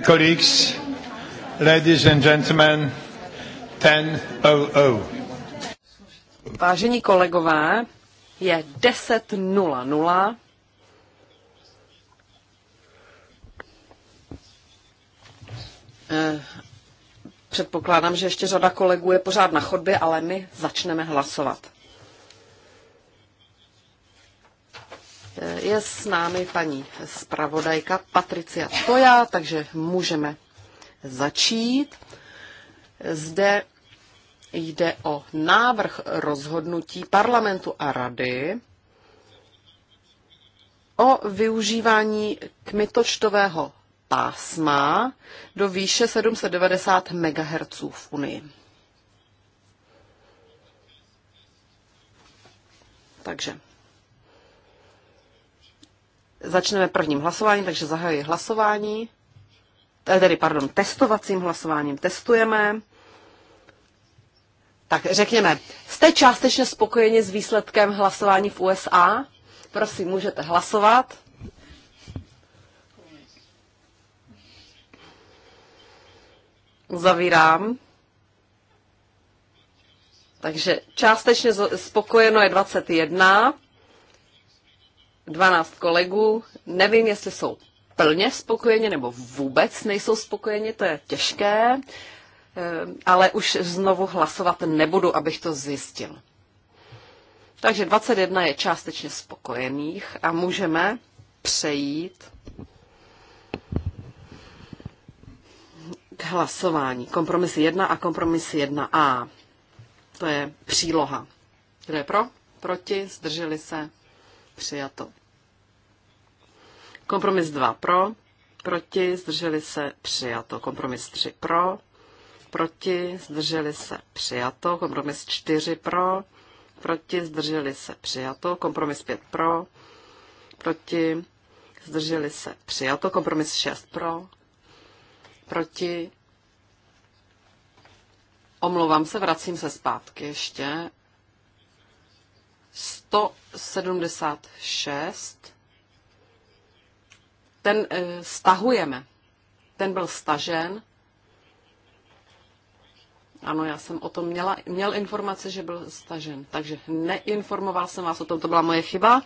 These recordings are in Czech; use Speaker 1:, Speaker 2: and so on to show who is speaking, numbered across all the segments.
Speaker 1: Colleagues, ladies and gentlemen, 10.00.
Speaker 2: Vážení kolegové, je 10.00. Eh, předpokládám, že ještě řada kolegů je pořád na chodbě, ale my začneme hlasovat. Je s námi paní zpravodajka Patricia Toja, takže můžeme začít. Zde jde o návrh rozhodnutí parlamentu a rady o využívání kmitočtového pásma do výše 790 MHz v Unii. Takže Začneme prvním hlasováním, takže zahajuji hlasování. Eh, tedy, pardon, testovacím hlasováním testujeme. Tak řekněme, jste částečně spokojeni s výsledkem hlasování v USA? Prosím, můžete hlasovat. Zavírám. Takže částečně spokojeno je 21, 12 kolegů. Nevím, jestli jsou plně spokojeni nebo vůbec nejsou spokojeni, to je těžké, eh, ale už znovu hlasovat nebudu, abych to zjistil. Takže 21 je částečně spokojených a můžeme přejít k hlasování. Kompromis 1 a kompromis 1a. To je příloha. Kdo je pro? Proti? Zdrželi se? Přijato. Kompromis 2 pro, proti, zdrželi se, přijato. Kompromis 3 pro, proti, zdrželi se, přijato. Kompromis 4 pro, proti, zdrželi se, přijato. Kompromis 5 pro, proti, zdrželi se, přijato. Kompromis 6 pro, proti, omlouvám se, vracím se zpátky ještě 176. Ten eh, stahujeme. Ten byl stažen. Ano, já jsem o tom měla, měl informace, že byl stažen. Takže neinformoval jsem vás o tom, to byla moje chyba.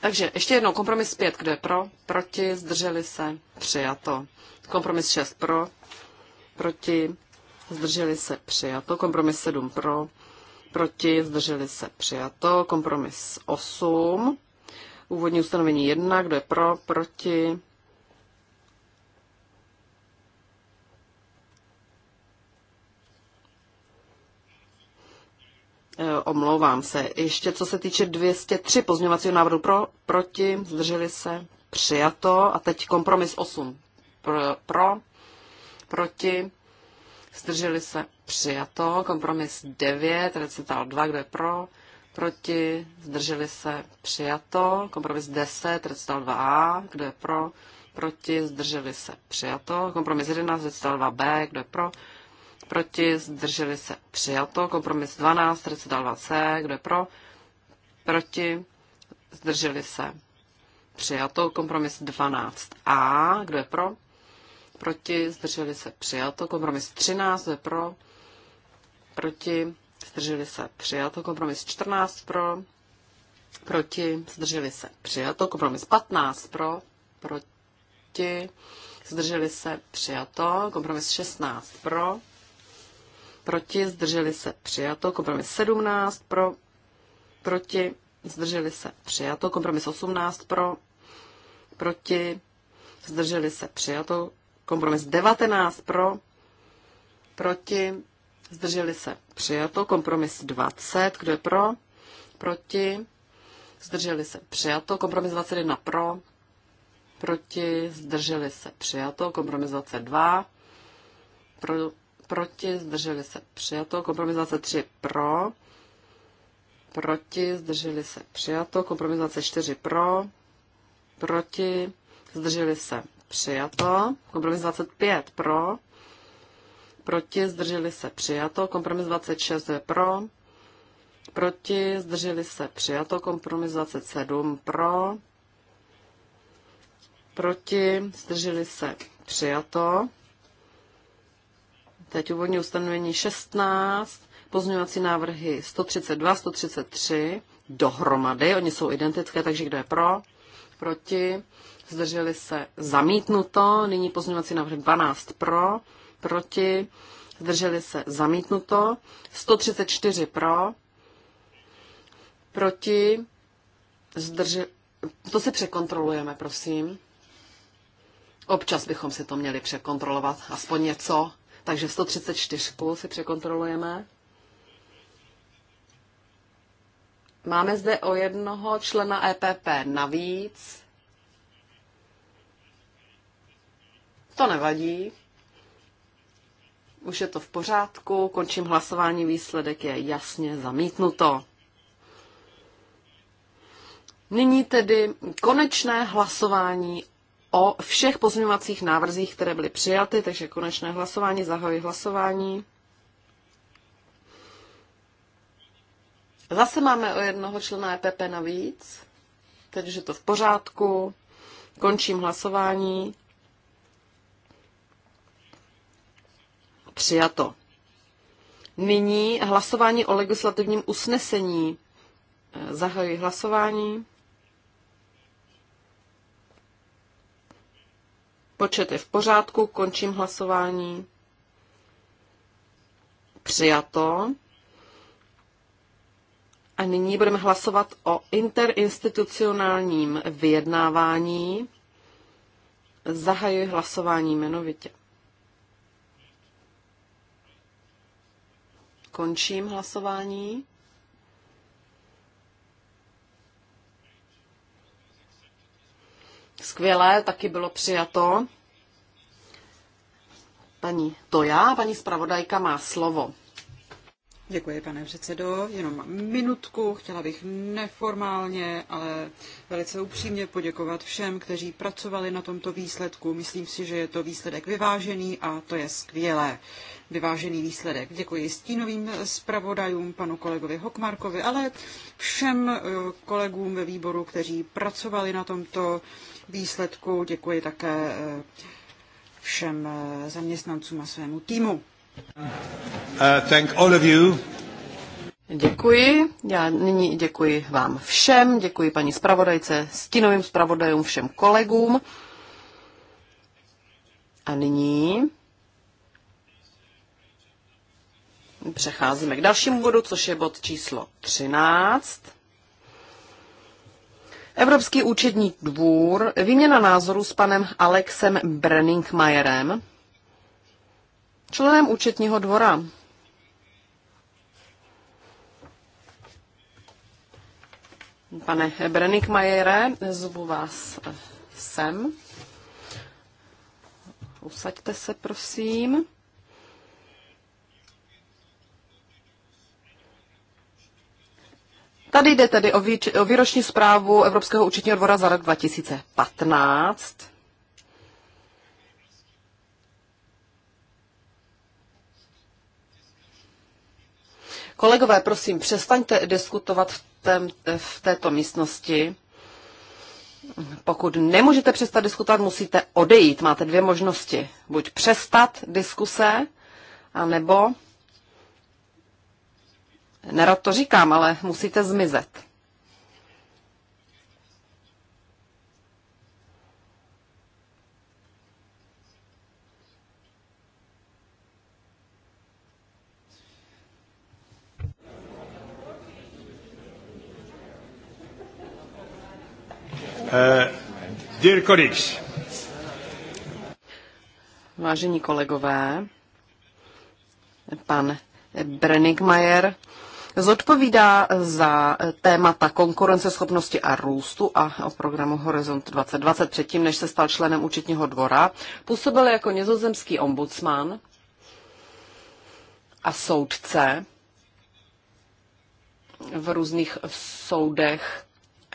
Speaker 2: Takže ještě jednou kompromis 5, kdo je pro, proti, zdrželi se, přijato. Kompromis 6 pro, proti, zdrželi se, přijato. Kompromis 7 pro, proti, zdrželi se přijato. Kompromis 8, úvodní ustanovení 1, kdo je pro, proti, e, omlouvám se. Ještě co se týče 203 pozměňovacího návrhu pro, proti, zdrželi se, přijato. A teď kompromis 8 pro, pro proti, zdrželi se, Přijato. Kompromis 9, recital 2, kdo je pro? Proti? Zdrželi se? Přijato. Kompromis 10, recital 2a, kdo je pro? Proti? Zdrželi se? Přijato. Kompromis 11, recital 2b, kdo je pro? Proti? Zdrželi se? Přijato. Kompromis 12, recital 2c, kdo je pro? Proti? Zdrželi se? Přijato. Kompromis 12a, kdo je pro? proti, zdrželi se přijato, kompromis 13, kdo je pro, proti, zdrželi se přijato, kompromis 14 pro, proti, zdrželi se přijato, kompromis 15 pro, proti, zdrželi se přijato, kompromis 16 pro, proti, zdrželi se přijato, kompromis 17 pro, proti, zdrželi se přijato, kompromis 18 pro, proti, zdrželi se přijato, kompromis 19 pro, proti, Zdrželi se přijato. Kompromis 20. Kdo je pro? Proti? Zdrželi se přijato. Kompromis 21 pro? Proti? Zdrželi se přijato. Kompromis 22 pro? Proti? Zdrželi se přijato. Kompromis 23 pro? Proti? Zdrželi se přijato. Kompromis 24 pro? Proti? Zdrželi se přijato. Kompromis 25 pro? proti, zdrželi se přijato, kompromis 26 je pro, proti, zdrželi se přijato, kompromis 27 pro, proti, zdrželi se přijato. Teď úvodní ustanovení 16, pozměňovací návrhy 132, 133 dohromady, oni jsou identické, takže kdo je pro, proti, zdrželi se zamítnuto, nyní pozměňovací návrh 12 pro, proti, zdrželi se zamítnuto, 134 pro, proti, zdrželi, to si překontrolujeme, prosím. Občas bychom si to měli překontrolovat, aspoň něco. Takže 134 si překontrolujeme. Máme zde o jednoho člena EPP navíc. To nevadí. Už je to v pořádku, končím hlasování, výsledek je jasně zamítnuto. Nyní tedy konečné hlasování o všech pozměňovacích návrzích, které byly přijaty, takže konečné hlasování, zahajuji hlasování. Zase máme o jednoho člena EPP navíc, takže to v pořádku. Končím hlasování. Přijato. Nyní hlasování o legislativním usnesení. Zahajuji hlasování. Počet je v pořádku, končím hlasování. Přijato. A nyní budeme hlasovat o interinstitucionálním vyjednávání. Zahajuji hlasování jmenovitě. Končím hlasování. Skvělé, taky bylo přijato. Paní Toja, paní zpravodajka má slovo.
Speaker 3: Děkuji, pane předsedo. Jenom minutku. Chtěla bych neformálně, ale velice upřímně poděkovat všem, kteří pracovali na tomto výsledku. Myslím si, že je to výsledek vyvážený a to je skvělé. Vyvážený výsledek. Děkuji stínovým zpravodajům, panu kolegovi Hokmarkovi, ale všem eh, kolegům ve výboru, kteří pracovali na tomto výsledku. Děkuji také eh, všem
Speaker 2: eh, zaměstnancům a svému týmu.
Speaker 1: Uh,
Speaker 2: děkuji. Já nyní děkuji vám všem, děkuji paní zpravodajce, stínovým zpravodajům, všem kolegům. A nyní přecházíme k dalšímu bodu, což je bod číslo 13. Evropský účetní dvůr, výměna názoru s panem Alexem Brenningmajerem, členem účetního dvora. Pane Brenik Majere, zvu vás sem. Usaďte se, prosím. Tady jde tedy o, o výroční zprávu Evropského účetního dvora za rok 2015. Kolegové, prosím, přestaňte diskutovat v, tém, v této místnosti. Pokud nemůžete přestat diskutovat, musíte odejít. Máte dvě možnosti. Buď přestat diskuse, anebo... Nerad to říkám, ale musíte zmizet.
Speaker 1: Eh, dear colleagues.
Speaker 2: Vážení kolegové, pan Brenigmajer zodpovídá za témata konkurenceschopnosti a růstu a o programu Horizont 2020 předtím, než se stal členem účetního dvora. Působil jako nizozemský ombudsman a soudce v různých soudech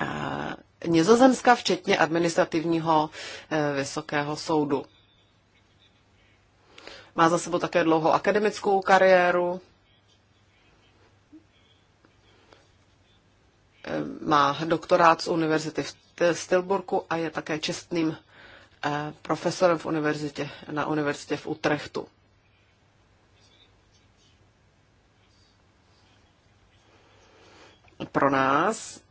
Speaker 2: eh, Nizozemska, včetně administrativního eh, vysokého soudu. Má za sebou také dlouhou akademickou kariéru. Eh, má doktorát z univerzity v Stilburku a je také čestným eh, profesorem v univerzitě, na univerzitě v Utrechtu. Pro nás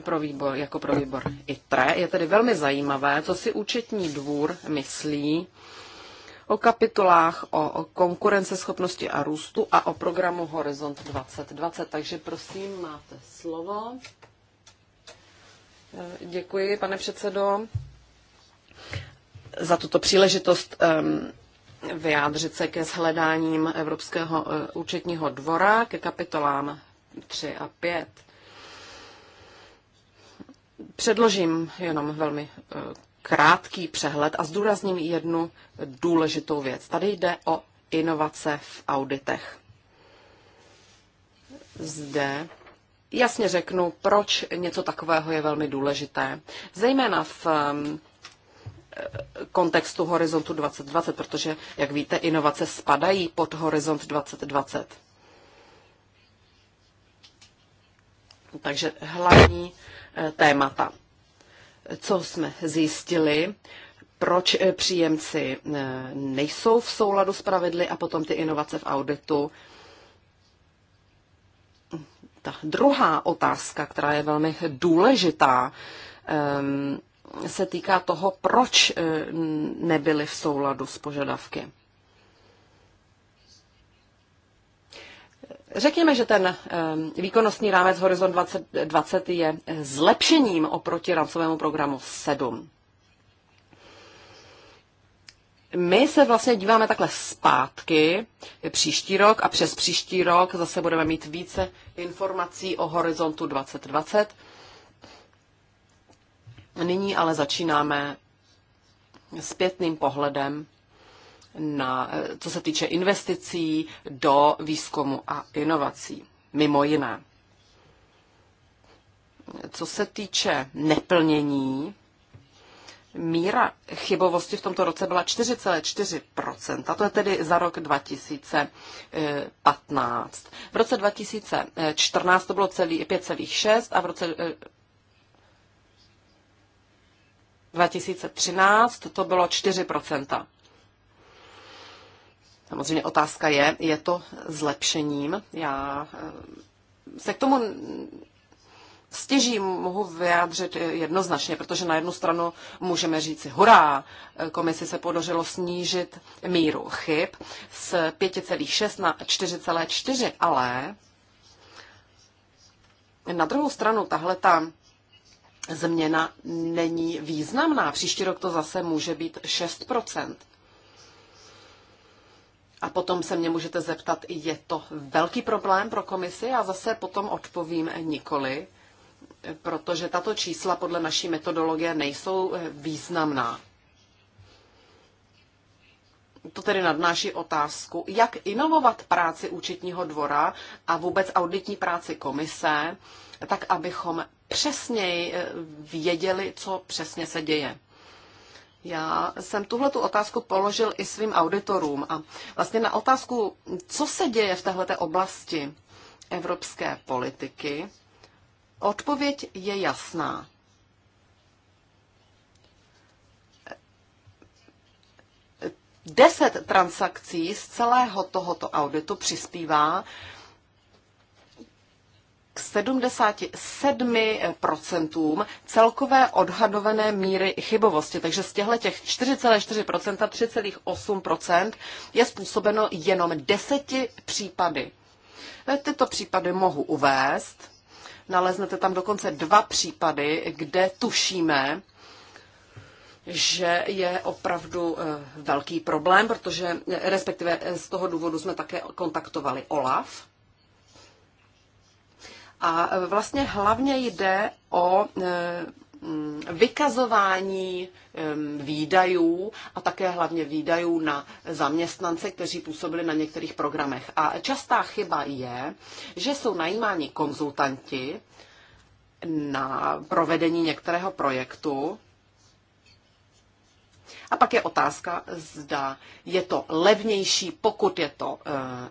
Speaker 2: pro výbor, jako pro výbor ITRE. Je tedy velmi zajímavé, co si účetní dvůr myslí o kapitolách o konkurenceschopnosti a růstu a o programu Horizont 2020. Takže prosím, máte slovo. Eh, děkuji, pane předsedo, za tuto příležitost vyjádřit se ke shledáním Evropského eh, účetního dvora, ke kapitolám 3 a 5. Předložím jenom velmi eh, krátký přehled a zdůrazním jednu důležitou věc. Tady jde o inovace v auditech. Zde jasně řeknu, proč něco takového je velmi důležité, zejména v eh, kontextu Horizontu 2020, protože, jak víte, inovace spadají pod Horizont 2020. Takže hlavní témata. Co jsme zjistili, proč eh, příjemci eh, nejsou v souladu s pravidly a potom ty inovace v auditu. Ta druhá otázka, která je velmi důležitá, ehm, se týká toho, proč eh, nebyly v souladu s požadavky. Řekněme, že ten ehm, výkonnostní rámec Horizon 2020 je zlepšením oproti rámcovému programu 7. My se vlastně díváme takhle zpátky příští rok a přes příští rok zase budeme mít více informací o horizontu 2020. Nyní ale začínáme zpětným pohledem na, co se týče investicí do výzkumu a inovací, mimo jiné. Co se týče neplnění, míra chybovosti v tomto roce byla 4,4%, to je tedy za rok 2015. V roce 2014 to bylo 5,6 a v roce 2013 eh, to bylo 4%. Samozřejmě otázka je, je to zlepšením. Já eh, se k tomu stěží mohu vyjádřit eh, jednoznačně, protože na jednu stranu můžeme říci hurá, eh, komisi se podařilo snížit míru chyb z 5,6 na 4,4, ale na druhou stranu tahle ta změna není významná. Příští rok to zase může být 6 a potom se mě můžete zeptat, je to velký problém pro komisi? A zase potom odpovím nikoli, protože tato čísla podle naší metodologie nejsou eh, významná. To tedy nadnáší otázku, jak inovovat práci účetního dvora a vůbec auditní práci komise, tak abychom přesněji eh, věděli, co přesně se děje. Já jsem tuhle tu otázku položil i svým auditorům a vlastně na otázku, co se děje v této oblasti evropské politiky, odpověď je jasná. Deset transakcí z celého tohoto auditu přispívá 77% celkové odhadované míry chybovosti. Takže z těchto těch 4,4%, 3,8% je způsobeno jenom deseti případy. E, tyto případy mohu uvést. Naleznete tam dokonce dva případy, kde tušíme, že je opravdu e, velký problém, protože e, respektive z toho důvodu jsme také kontaktovali OLAF. A vlastně hlavně jde o e, mm, vykazování e, výdajů a také hlavně výdajů na zaměstnance, kteří působili na některých programech. A častá chyba je, že jsou najímáni konzultanti na provedení některého projektu a pak je otázka, zda je to levnější, pokud je to eh,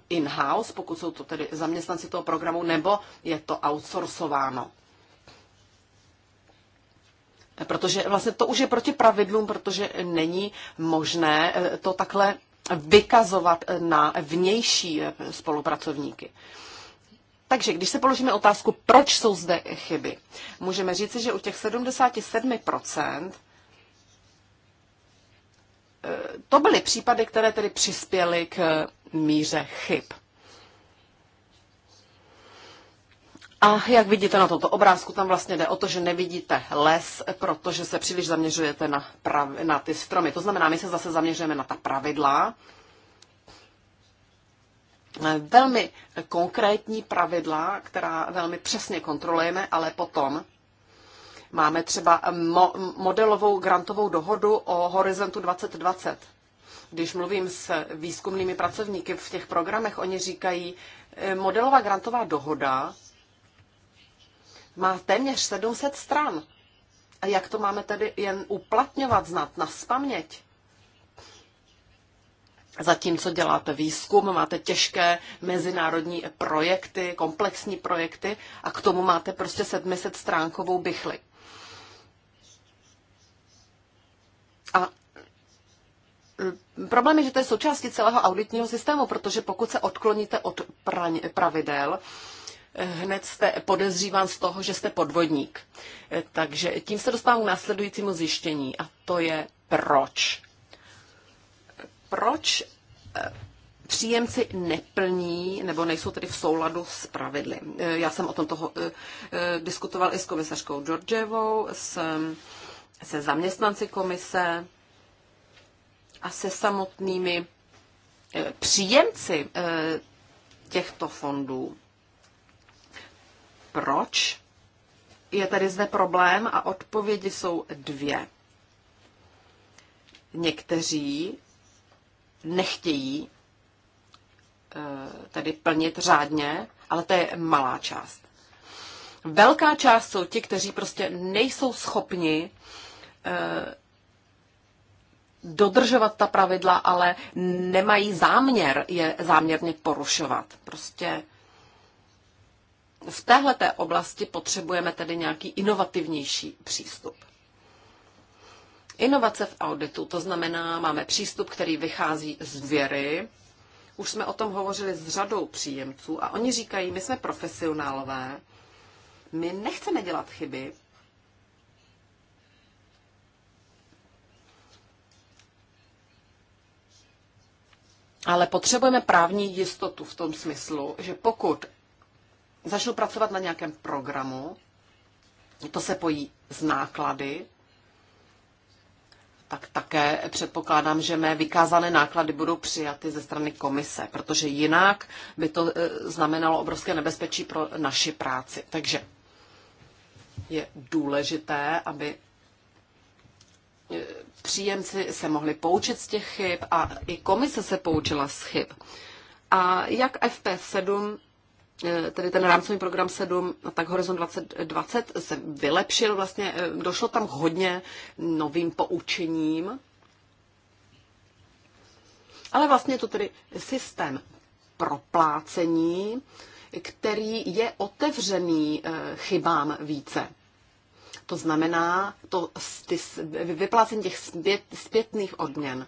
Speaker 2: in-house, pokud jsou to tedy zaměstnanci toho programu, nebo je to outsourcováno. Protože vlastně to už je proti pravidlům, protože není možné eh, to takhle vykazovat eh, na vnější spolupracovníky. Takže když se položíme otázku, proč jsou zde chyby, můžeme říci, že u těch 77 Eh, to byly případy, které tedy přispěly k eh, míře chyb. A jak vidíte na tomto obrázku, tam vlastně jde o to, že nevidíte les, protože se příliš zaměřujete na, prav, na ty stromy. To znamená, my se zase zaměřujeme na ta pravidla. Eh, velmi konkrétní pravidla, která velmi přesně kontrolujeme, ale potom Máme třeba mo- modelovou grantovou dohodu o Horizontu 2020. Když mluvím s výzkumnými pracovníky v těch programech, oni říkají, e, modelová grantová dohoda má téměř 700 stran. A jak to máme tedy jen uplatňovat, znát na spaměť? Zatímco děláte výzkum, máte těžké mezinárodní projekty, komplexní projekty a k tomu máte prostě 700 stránkovou bychlik. A e, Problém je, že to je součástí celého auditního systému, protože pokud se odkloníte od praň, pravidel, e, hned jste podezříván z toho, že jste podvodník. E, takže tím se dostávám k následujícímu zjištění a to je proč. Proč příjemci neplní nebo nejsou tedy v souladu s pravidly. Já jsem o tom toho diskutoval i s komisařkou Georgievou, s se zaměstnanci komise a se samotnými eh, příjemci eh, těchto fondů. Proč je tady zde problém a odpovědi jsou dvě. Někteří nechtějí eh, tedy plnit řádně, ale to je malá část. Velká část jsou ti, kteří prostě nejsou schopni Eh, dodržovat ta pravidla, ale nemají záměr je záměrně porušovat. Prostě v téhle oblasti potřebujeme tedy nějaký inovativnější přístup. Inovace v auditu, to znamená, máme přístup, který vychází z věry. Už jsme o tom hovořili s řadou příjemců a oni říkají, my jsme profesionálové, my nechceme dělat chyby, Ale potřebujeme právní jistotu v tom smyslu, že pokud začnu pracovat na nějakém programu, to se pojí z náklady, tak také předpokládám, že mé vykázané náklady budou přijaty ze strany komise, protože jinak by to e, znamenalo obrovské nebezpečí pro naši práci. Takže je důležité, aby E, příjemci se mohli poučit z těch chyb a i komise se poučila z chyb. A jak FP7, e, tedy ten rámcový program 7, no tak Horizon 2020 se vylepšil vlastně, e, došlo tam hodně novým poučením. Ale vlastně je to tedy systém proplácení, který je otevřený chybám více. To znamená to, ty, vyplácení těch zpět, zpětných odměn,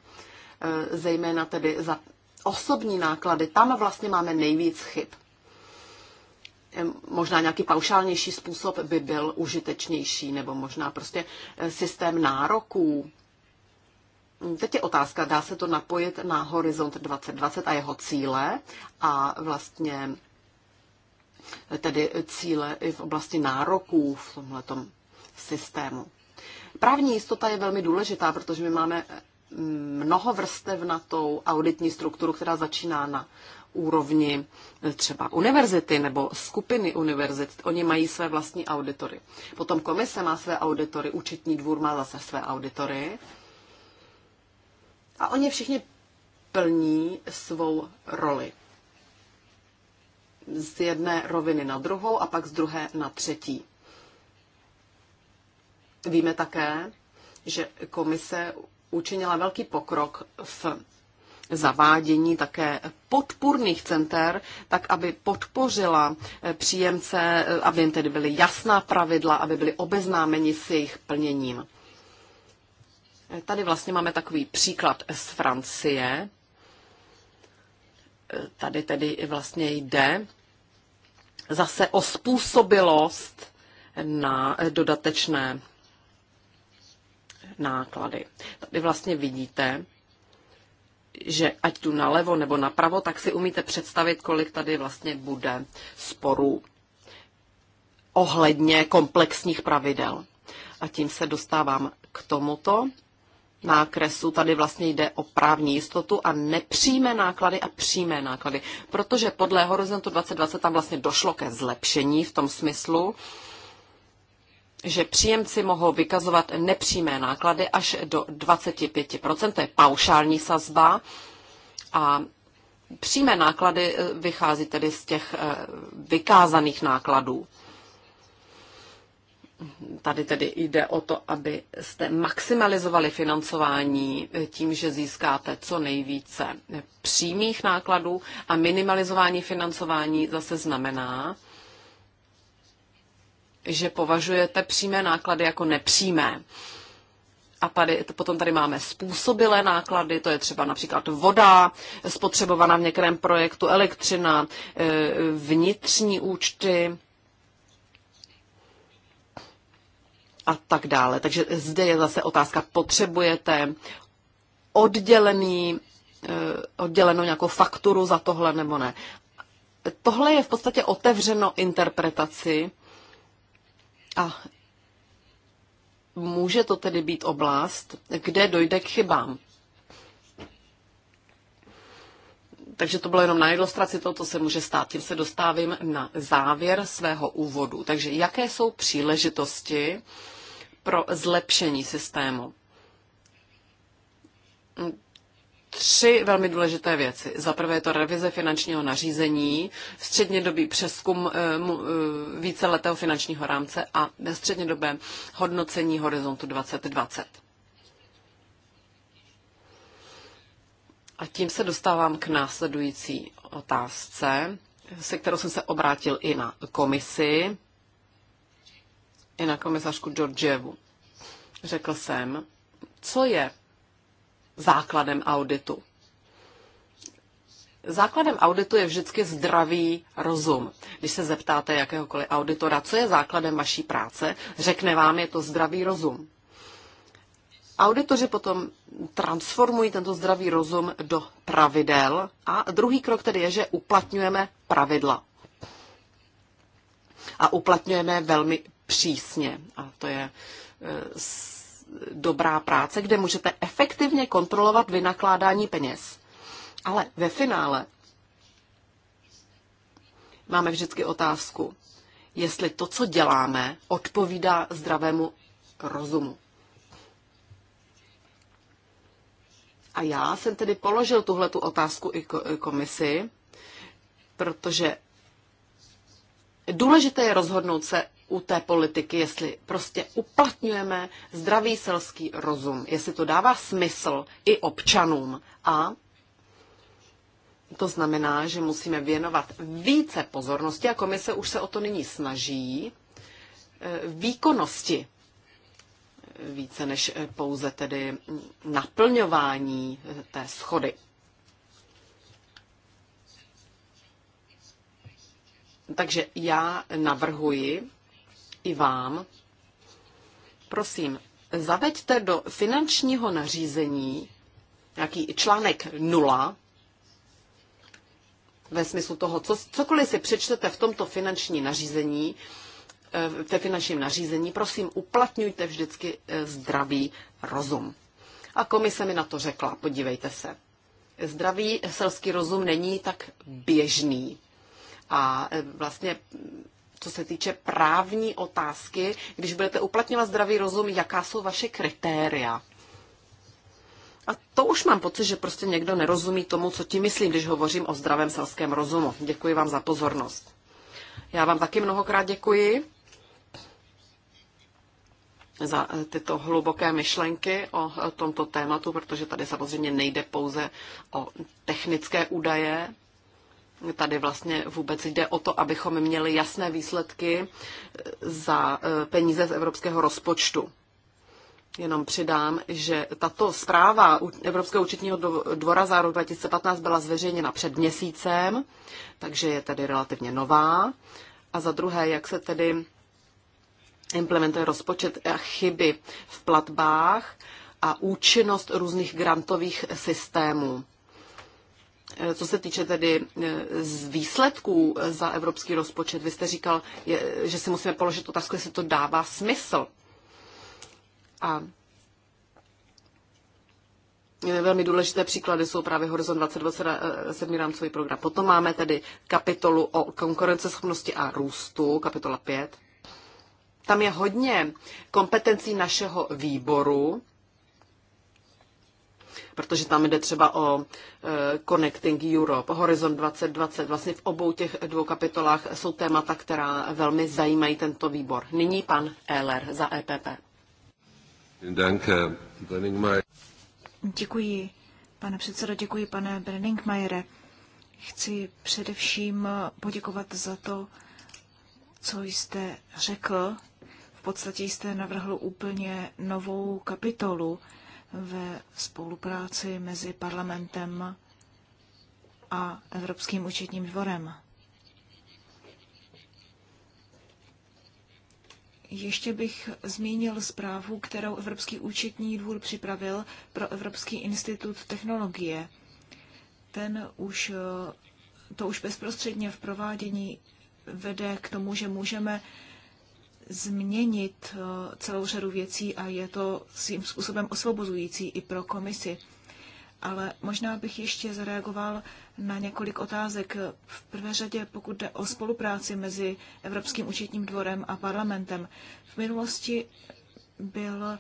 Speaker 2: eh, zejména tedy za osobní náklady, tam vlastně máme nejvíc chyb. Možná nějaký paušálnější způsob by byl užitečnější, nebo možná prostě eh, systém nároků. Hm, teď je otázka, dá se to napojit na Horizont 2020 a jeho cíle a vlastně eh, tedy cíle i v oblasti nároků v tomhletom systému. Právní jistota je velmi důležitá, protože my máme mm, mnoho vrstev na tou auditní strukturu, která začíná na úrovni eh, třeba univerzity nebo skupiny univerzit. Oni mají své vlastní auditory. Potom komise má své auditory, účetní dvůr má zase své auditory. A oni všichni plní svou roli. Z jedné roviny na druhou a pak z druhé na třetí. Víme také, že komise učinila velký pokrok v zavádění také podpůrných center, tak aby podpořila příjemce, aby jim tedy byly jasná pravidla, aby byli obeznámeni s jejich plněním. Tady vlastně máme takový příklad z Francie. Tady tedy vlastně jde zase o způsobilost na dodatečné náklady. Tady vlastně vidíte, že ať tu nalevo nebo napravo, tak si umíte představit, kolik tady vlastně bude sporů ohledně komplexních pravidel. A tím se dostávám k tomuto nákresu. Tady vlastně jde o právní jistotu a nepřímé náklady a přímé náklady, protože podle Horizontu 2020 tam vlastně došlo ke zlepšení v tom smyslu, že příjemci mohou vykazovat nepřímé náklady až do 25%, to je paušální sazba. A přímé náklady eh, vychází tedy z těch eh, vykázaných nákladů. Tady tedy jde o to, abyste maximalizovali financování eh, tím, že získáte co nejvíce přímých nákladů a minimalizování financování zase znamená, že považujete přímé náklady jako nepřímé. A tady, potom tady máme způsobilé náklady, to je třeba například voda, spotřebovaná v některém projektu, elektřina, e, vnitřní účty a tak dále. Takže zde je zase otázka, potřebujete oddělený, e, oddělenou nějakou fakturu za tohle nebo ne. Tohle je v podstatě otevřeno interpretaci a může to tedy být oblast, kde dojde k chybám. Takže to bylo jenom na ilustraci toho, co se může stát. Tím se dostávím na závěr svého úvodu. Takže jaké jsou příležitosti pro zlepšení systému? tři velmi důležité věci. Za prvé je to revize finančního nařízení, střednědobý přeskum eh, eh, víceletého finančního rámce a střednědobé hodnocení horizontu 2020. A tím se dostávám k následující otázce, se kterou jsem se obrátil i na komisi, i na komisařku Georgievu. Řekl jsem, co je základem auditu. Základem auditu je vždycky zdravý rozum. Když se zeptáte jakéhokoliv auditora, co je základem vaší práce, řekne vám, je to zdravý rozum. Auditoři potom transformují tento zdravý rozum do pravidel a druhý krok tedy je, že uplatňujeme pravidla. A uplatňujeme velmi přísně. A to je eh, dobrá práce, kde můžete efektivně kontrolovat vynakládání peněz. Ale ve finále máme vždycky otázku, jestli to, co děláme, odpovídá zdravému rozumu. A já jsem tedy položil tuhle tu otázku i komisi, protože důležité je rozhodnout se, u té politiky, jestli prostě uplatňujeme zdravý selský rozum, jestli to dává smysl i občanům. A to znamená, že musíme věnovat více pozornosti, a komise už se o to nyní snaží, eh, výkonnosti eh, více než eh, pouze tedy naplňování té schody. Takže já navrhuji, i vám. Prosím, zaveďte do finančního nařízení nějaký článek nula, ve smyslu toho, co, cokoliv si přečtete v tomto finanční nařízení, eh, v té finančním nařízení, prosím, uplatňujte vždycky eh, zdravý rozum. A komise mi na to řekla, podívejte se. Zdravý selský rozum není tak běžný. A eh, vlastně co se týče právní otázky, když budete uplatňovat zdravý rozum, jaká jsou vaše kritéria. A to už mám pocit, že prostě někdo nerozumí tomu, co ti myslím, když hovořím o zdravém selském rozumu. Děkuji vám za pozornost. Já vám taky mnohokrát děkuji za eh, tyto hluboké myšlenky o eh, tomto tématu, protože tady samozřejmě nejde pouze o technické údaje, Tady vlastně vůbec jde o to, abychom měli jasné výsledky eh, za eh, peníze z evropského rozpočtu. Jenom přidám, že tato zpráva Evropského účetního dvora za rok 2015 byla zveřejněna před měsícem, takže je tedy relativně nová. A za druhé, jak se tedy implementuje rozpočet a chyby v platbách a účinnost různých grantových systémů. Eh, co se týče tedy eh, z výsledků eh, za evropský rozpočet, vy jste říkal, že si musíme položit otázku, jestli to dává smysl. A Velmi důležité příklady jsou právě Horizon 2027 rámcový program. Potom máme tedy kapitolu o konkurenceschopnosti a růstu, kapitola 5. Tam je hodně kompetencí našeho výboru, protože tam jde třeba o e, Connecting Europe, Horizon 2020. Vlastně v obou těch dvou kapitolách jsou témata, která velmi zajímají tento výbor. Nyní pan Ehler za EPP.
Speaker 1: Eh,
Speaker 4: děkuji, pane předsedo, děkuji, pane Brenningmajere. Chci především poděkovat za to, co jste řekl. V podstatě jste navrhl úplně novou kapitolu ve spolupráci mezi parlamentem a Evropským účetním dvorem. Ještě bych zmínil zprávu, kterou Evropský účetní dvůr připravil pro Evropský institut technologie. Ten už, to už bezprostředně v provádění vede k tomu, že můžeme změnit eh, celou řadu věcí a je to svým způsobem osvobozující i pro komisi. Ale možná bych ještě zareagoval na několik otázek. V prvé řadě, pokud jde o spolupráci mezi Evropským účetním dvorem a parlamentem. V minulosti byl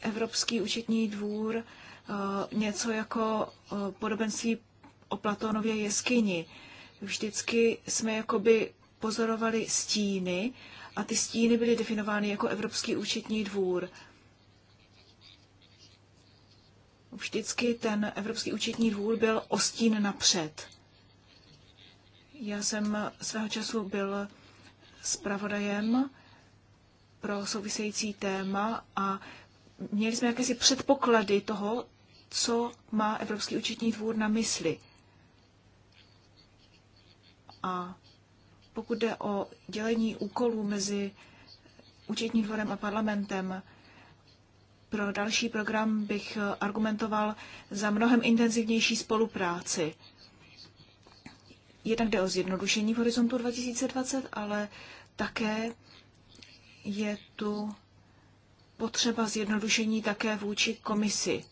Speaker 4: Evropský účetní dvůr eh, něco jako eh, podobenství o Platónově jeskyni. Vždycky jsme jakoby pozorovali stíny a ty stíny byly definovány jako Evropský účetní dvůr. Vždycky ten Evropský účetní dvůr byl o stín napřed. Já jsem svého času byl zpravodajem pro související téma a měli jsme jakési předpoklady toho, co má Evropský účetní dvůr na mysli. A pokud jde o dělení úkolů mezi účetním dvorem a parlamentem, pro další program bych argumentoval za mnohem intenzivnější spolupráci. Jednak jde o zjednodušení v horizontu 2020, ale také je tu potřeba zjednodušení také vůči komisi.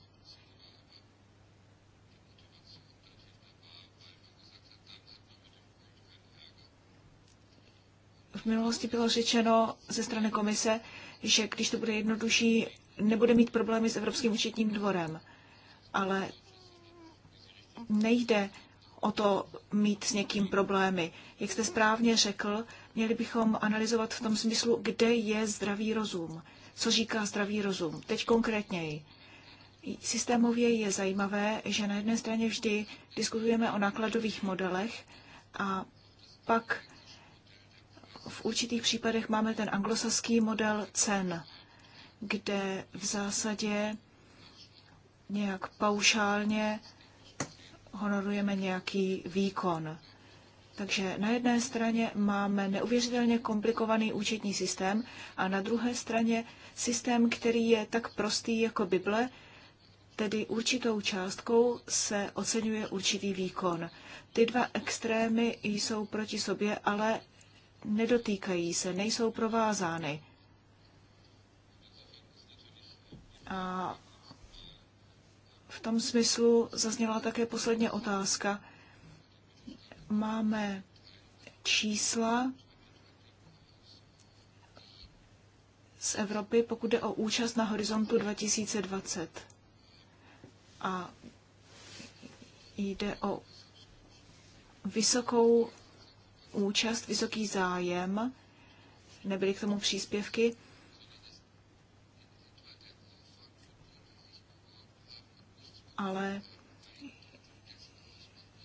Speaker 4: minulosti bylo řečeno ze strany komise, že když to bude jednodušší, nebude mít problémy s Evropským účetním dvorem. Ale nejde o to mít s někým problémy. Jak jste správně řekl, měli bychom analyzovat v tom smyslu, kde je zdravý rozum. Co říká zdravý rozum? Teď konkrétněji. Systémově je zajímavé, že na jedné straně vždy diskutujeme o nákladových modelech a pak v určitých případech máme ten anglosaský model cen, kde v zásadě nějak paušálně honorujeme nějaký výkon. Takže na jedné straně máme neuvěřitelně komplikovaný účetní systém a na druhé straně systém, který je tak prostý jako Bible, tedy určitou částkou se oceňuje určitý výkon. Ty dva extrémy jsou proti sobě, ale nedotýkají se, nejsou provázány. A v tom smyslu zazněla také posledně otázka. Máme čísla z Evropy, pokud jde o účast na horizontu 2020. A jde o vysokou účast, vysoký zájem, nebyly k tomu příspěvky. Ale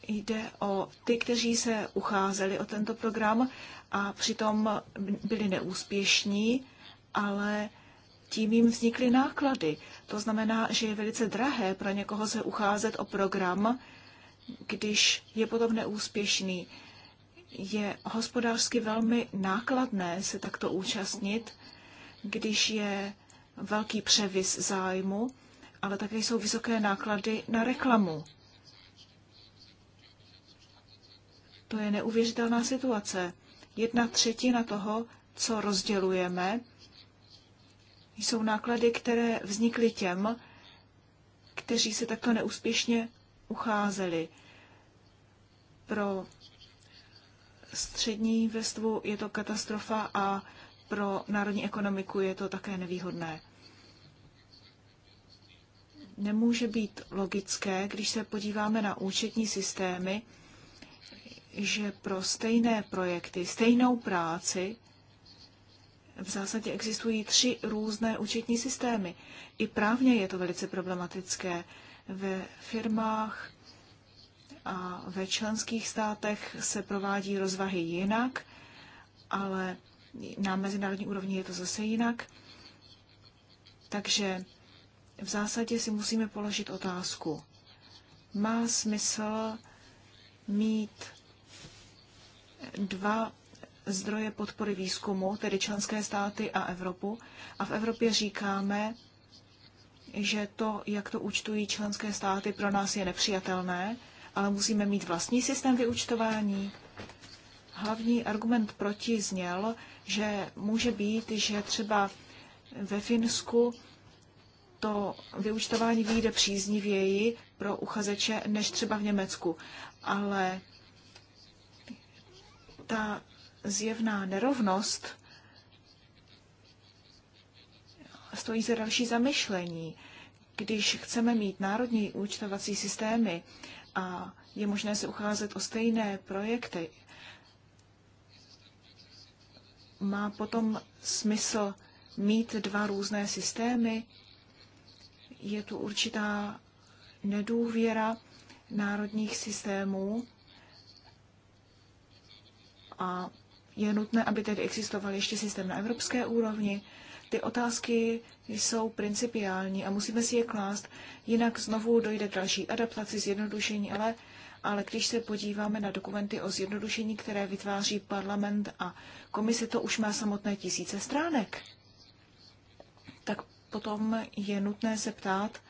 Speaker 4: jde o ty, kteří se ucházeli o tento program a přitom byli neúspěšní, ale tím jim vznikly náklady. To znamená, že je velice drahé pro někoho se ucházet o program, když je potom neúspěšný je hospodářsky velmi nákladné se takto účastnit, když je velký převis zájmu, ale také jsou vysoké náklady na reklamu. To je neuvěřitelná situace. Jedna třetina toho, co rozdělujeme, jsou náklady, které vznikly těm, kteří se takto neúspěšně ucházeli. Pro střední vrstvu je to katastrofa a pro národní ekonomiku je to také nevýhodné. Nemůže být logické, když se podíváme na účetní systémy, že pro stejné projekty, stejnou práci v zásadě existují tři různé účetní systémy. I právně je to velice problematické. Ve firmách a ve členských státech se provádí rozvahy jinak, ale na mezinárodní úrovni je to zase jinak. Takže v zásadě si musíme položit otázku. Má smysl mít dva zdroje podpory výzkumu, tedy členské státy a Evropu. A v Evropě říkáme, že to, jak to účtují členské státy, pro nás je nepřijatelné ale musíme mít vlastní systém vyučtování. Hlavní argument proti zněl, že může být, že třeba ve Finsku to vyučtování vyjde příznivěji pro uchazeče než třeba v Německu. Ale ta zjevná nerovnost stojí za další zamyšlení. Když chceme mít národní účtovací systémy, a je možné se ucházet o stejné projekty, má potom smysl mít dva různé systémy. Je tu určitá nedůvěra národních systémů a je nutné, aby tedy existoval ještě systém na evropské úrovni, ty otázky jsou principiální a musíme si je klást, jinak znovu dojde k další adaptaci, zjednodušení, ale, ale když se podíváme na dokumenty o zjednodušení, které vytváří parlament a komise, to už má samotné tisíce stránek, tak potom je nutné se ptát,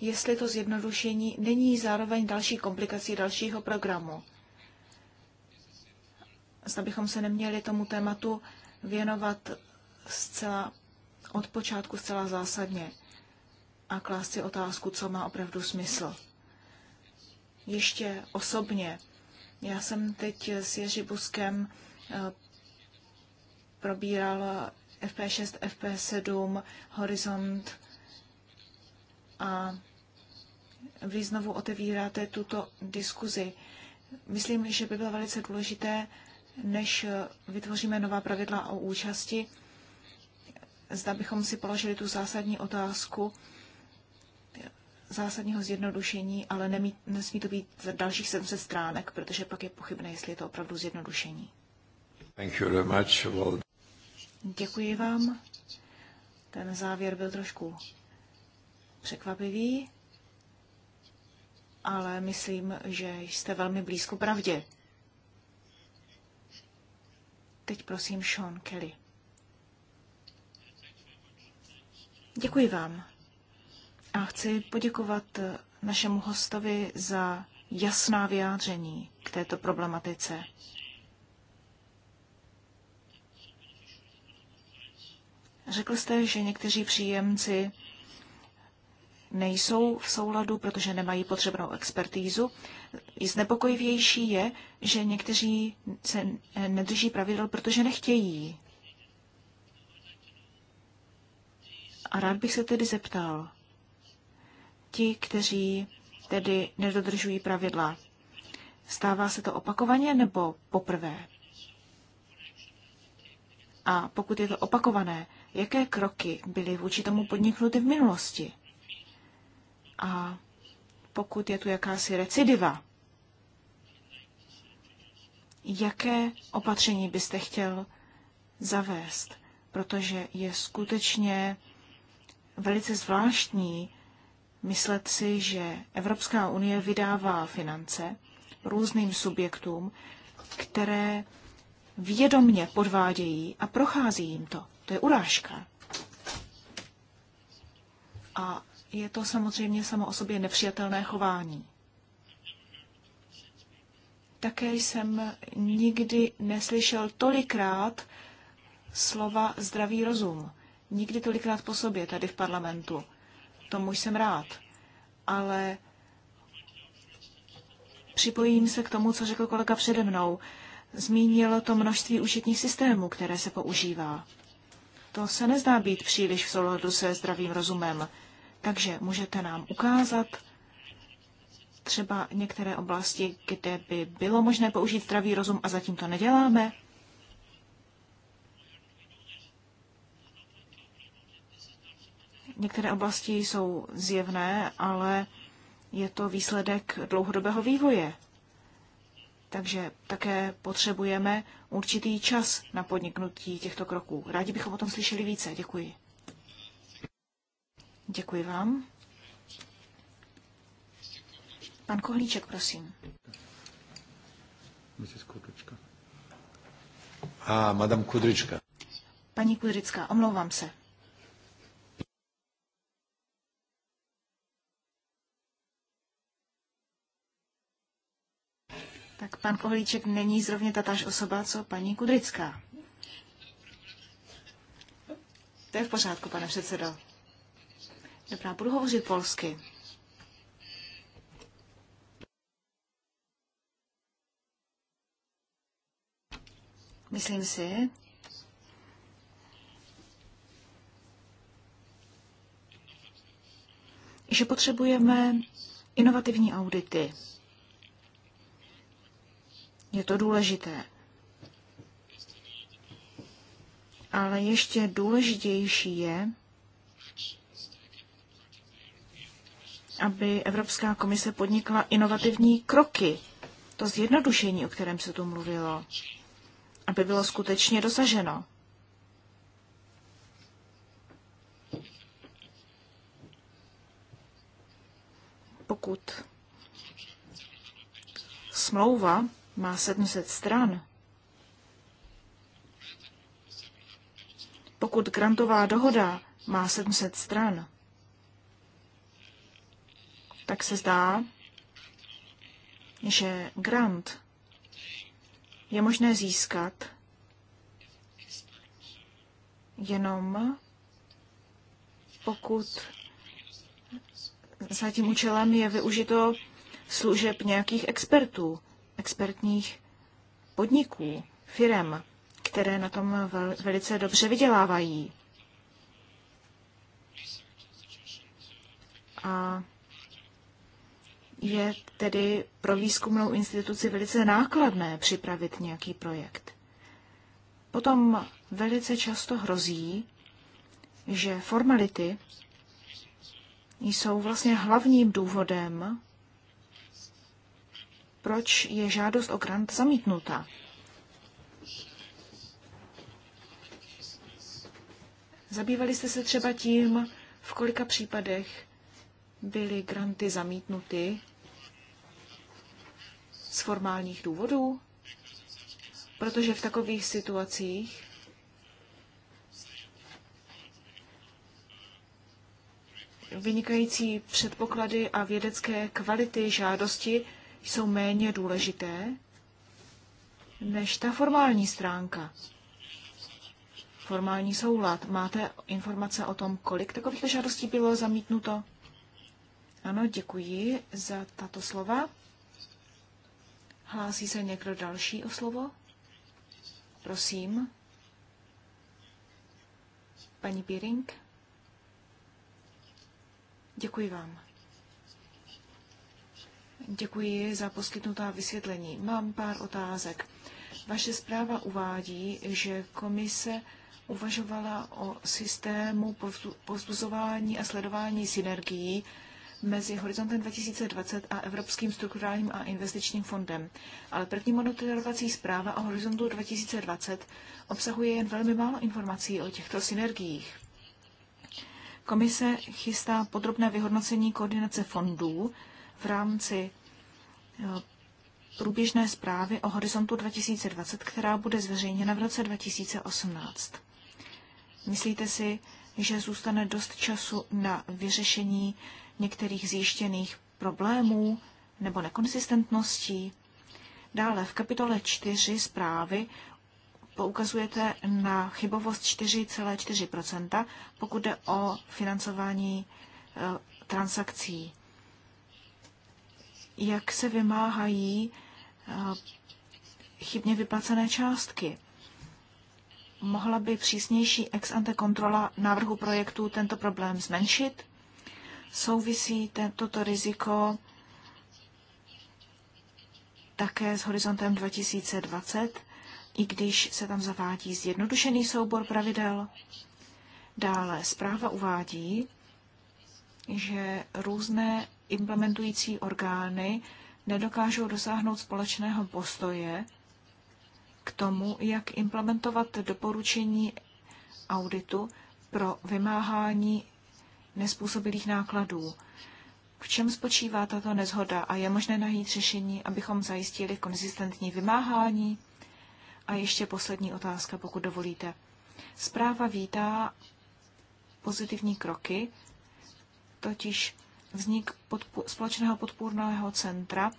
Speaker 4: jestli to zjednodušení není zároveň další komplikací dalšího programu. Zda bychom se neměli tomu tématu věnovat zcela od počátku zcela zásadně a klást si otázku, co má opravdu smysl. Ještě osobně. Já jsem teď s Jiří Buskem eh, probíral FP6, FP7, Horizont a vy znovu otevíráte tuto diskuzi. Myslím, že by bylo velice důležité, než eh, vytvoříme nová pravidla o účasti, zda bychom si položili tu zásadní otázku zásadního zjednodušení, ale nemí, nesmí to být za dalších 700 stránek, protože pak je pochybné, jestli je to opravdu zjednodušení.
Speaker 1: Thank you very much. Well...
Speaker 4: Děkuji vám. Ten závěr byl trošku překvapivý, ale myslím, že jste velmi blízko pravdě. Teď prosím Sean Kelly. Děkuji vám. A chci poděkovat eh, našemu hostovi za jasná vyjádření k této problematice. Řekl jste, že někteří příjemci nejsou v souladu, protože nemají potřebnou expertízu. Znepokojivější je, že někteří se nedrží pravidel, protože nechtějí. A rád bych se tedy zeptal, ti, kteří tedy nedodržují pravidla, stává se to opakovaně nebo poprvé? A pokud je to opakované, jaké kroky byly vůči tomu podniknuty v minulosti? A pokud je tu jakási recidiva, jaké opatření byste chtěl zavést? Protože je skutečně velice zvláštní myslet si, že Evropská unie vydává finance různým subjektům, které vědomně podvádějí a prochází jim to. To je urážka. A je to samozřejmě samo o sobě nepřijatelné chování. Také jsem nikdy neslyšel tolikrát slova zdravý rozum nikdy tolikrát po sobě tady v parlamentu. Tomu jsem rád. Ale připojím se k tomu, co řekl kolega přede mnou. Zmínil to množství účetních systémů, které se používá. To se nezdá být příliš v souladu se zdravým rozumem. Takže můžete nám ukázat třeba některé oblasti, kde by bylo možné použít zdravý rozum a zatím to neděláme? Některé oblasti jsou zjevné, ale je to výsledek dlouhodobého vývoje. Takže také potřebujeme určitý čas na podniknutí těchto kroků. Rádi bychom o tom slyšeli více. Děkuji. Děkuji vám. Pan Kohlíček, prosím.
Speaker 1: Mrs. A, madam Kudrička.
Speaker 4: Paní Kudrická, omlouvám se. tak pan Kohlíček není zrovna tatáž osoba, co paní Kudrická. To je v pořádku, pane předsedo. Dobrá, budu hovořit polsky. Myslím si, že potřebujeme inovativní audity. Je to důležité. Ale ještě důležitější je, aby Evropská komise podnikla inovativní kroky. To zjednodušení, o kterém se tu mluvilo, aby bylo skutečně dosaženo. Pokud smlouva má 700 stran. Pokud grantová dohoda má 700 stran, tak se zdá, že grant je možné získat jenom pokud za tím účelem je využito služeb nějakých expertů expertních podniků, firem, které na tom velice dobře vydělávají. A je tedy pro výzkumnou instituci velice nákladné připravit nějaký projekt. Potom velice často hrozí, že formality jsou vlastně hlavním důvodem proč je žádost o grant zamítnuta. Zabývali jste se třeba tím, v kolika případech byly granty zamítnuty z formálních důvodů? Protože v takových situacích vynikající předpoklady a vědecké kvality žádosti jsou méně důležité než ta formální stránka. Formální soulad. Máte informace o tom, kolik takových žádostí bylo zamítnuto? Ano, děkuji za tato slova. Hlásí se někdo další o slovo? Prosím. Paní Piring. Děkuji vám. Děkuji za poskytnutá vysvětlení. Mám pár otázek. Vaše zpráva uvádí, že komise uvažovala o systému posuzování a sledování synergií mezi Horizontem 2020 a Evropským strukturálním a investičním fondem. Ale první monitorovací zpráva o Horizontu 2020 obsahuje jen velmi málo informací o těchto synergiích. Komise chystá podrobné vyhodnocení koordinace fondů, v rámci průběžné zprávy o horizontu 2020, která bude zveřejněna v roce 2018. Myslíte si, že zůstane dost času na vyřešení některých zjištěných problémů nebo nekonsistentností? Dále v kapitole 4 zprávy poukazujete na chybovost 4,4 pokud jde o financování eh, transakcí jak se vymáhají eh, chybně vyplacené částky. Mohla by přísnější ex ante kontrola návrhu projektů tento problém zmenšit? Souvisí toto riziko také s horizontem 2020, i když se tam zavádí zjednodušený soubor pravidel? Dále zpráva uvádí, že různé implementující orgány nedokážou dosáhnout společného postoje k tomu, jak implementovat doporučení auditu pro vymáhání nespůsobilých nákladů. V čem spočívá tato nezhoda a je možné najít řešení, abychom zajistili konzistentní vymáhání? A ještě poslední otázka, pokud dovolíte. Zpráva vítá pozitivní kroky, totiž vznik podpůr, společného podpůrného centra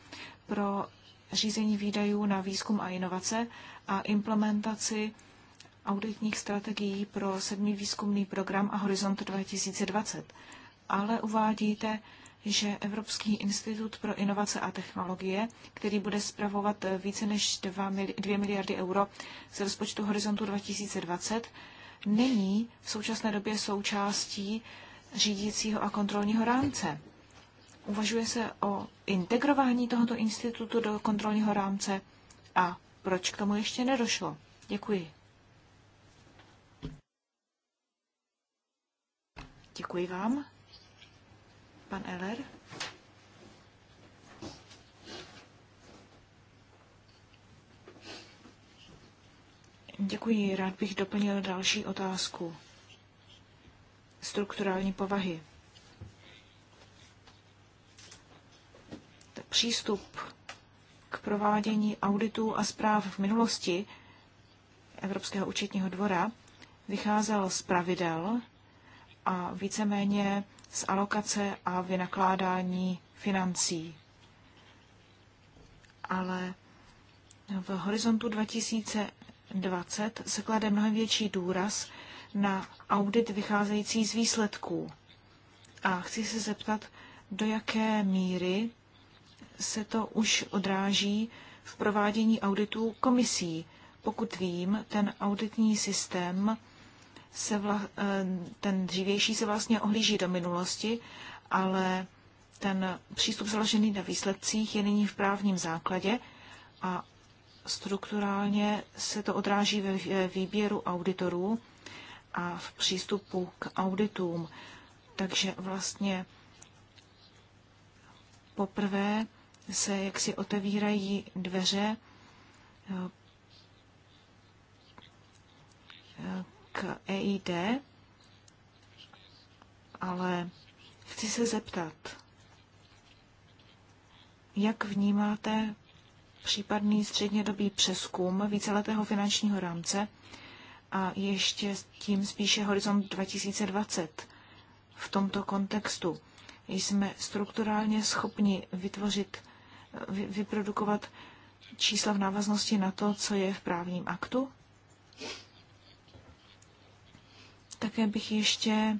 Speaker 4: pro řízení výdajů na výzkum a inovace a implementaci auditních strategií pro sedmý výzkumný program a Horizont 2020. Ale uvádíte, že Evropský institut pro inovace a technologie, který bude spravovat více než 2 miliardy euro z rozpočtu Horizontu 2020, není v současné době součástí řídícího a kontrolního rámce. Uvažuje se o integrování tohoto institutu do kontrolního rámce a proč k tomu ještě nedošlo? Děkuji. Děkuji vám. Pan Eller. Děkuji, rád bych doplnil další otázku strukturální povahy. Přístup k provádění auditů a zpráv v minulosti Evropského účetního dvora vycházel z pravidel a víceméně z alokace a vynakládání financí. Ale v horizontu 2020 se klade mnohem větší důraz na audit vycházející z výsledků. A chci se zeptat, do jaké míry se to už odráží v provádění auditů komisí. Pokud vím, ten auditní systém, se vla, eh, ten dřívější se vlastně ohlíží do minulosti, ale ten přístup založený na výsledcích je nyní v právním základě a strukturálně se to odráží ve výběru auditorů a v přístupu k auditům. Takže vlastně poprvé se jaksi otevírají dveře eh, k EID, ale chci se zeptat, jak vnímáte případný střednědobý přeskum víceletého finančního rámce a ještě tím spíše horizont 2020. V tomto kontextu jsme strukturálně schopni vytvořit, vyprodukovat čísla v návaznosti na to, co je v právním aktu. Také bych ještě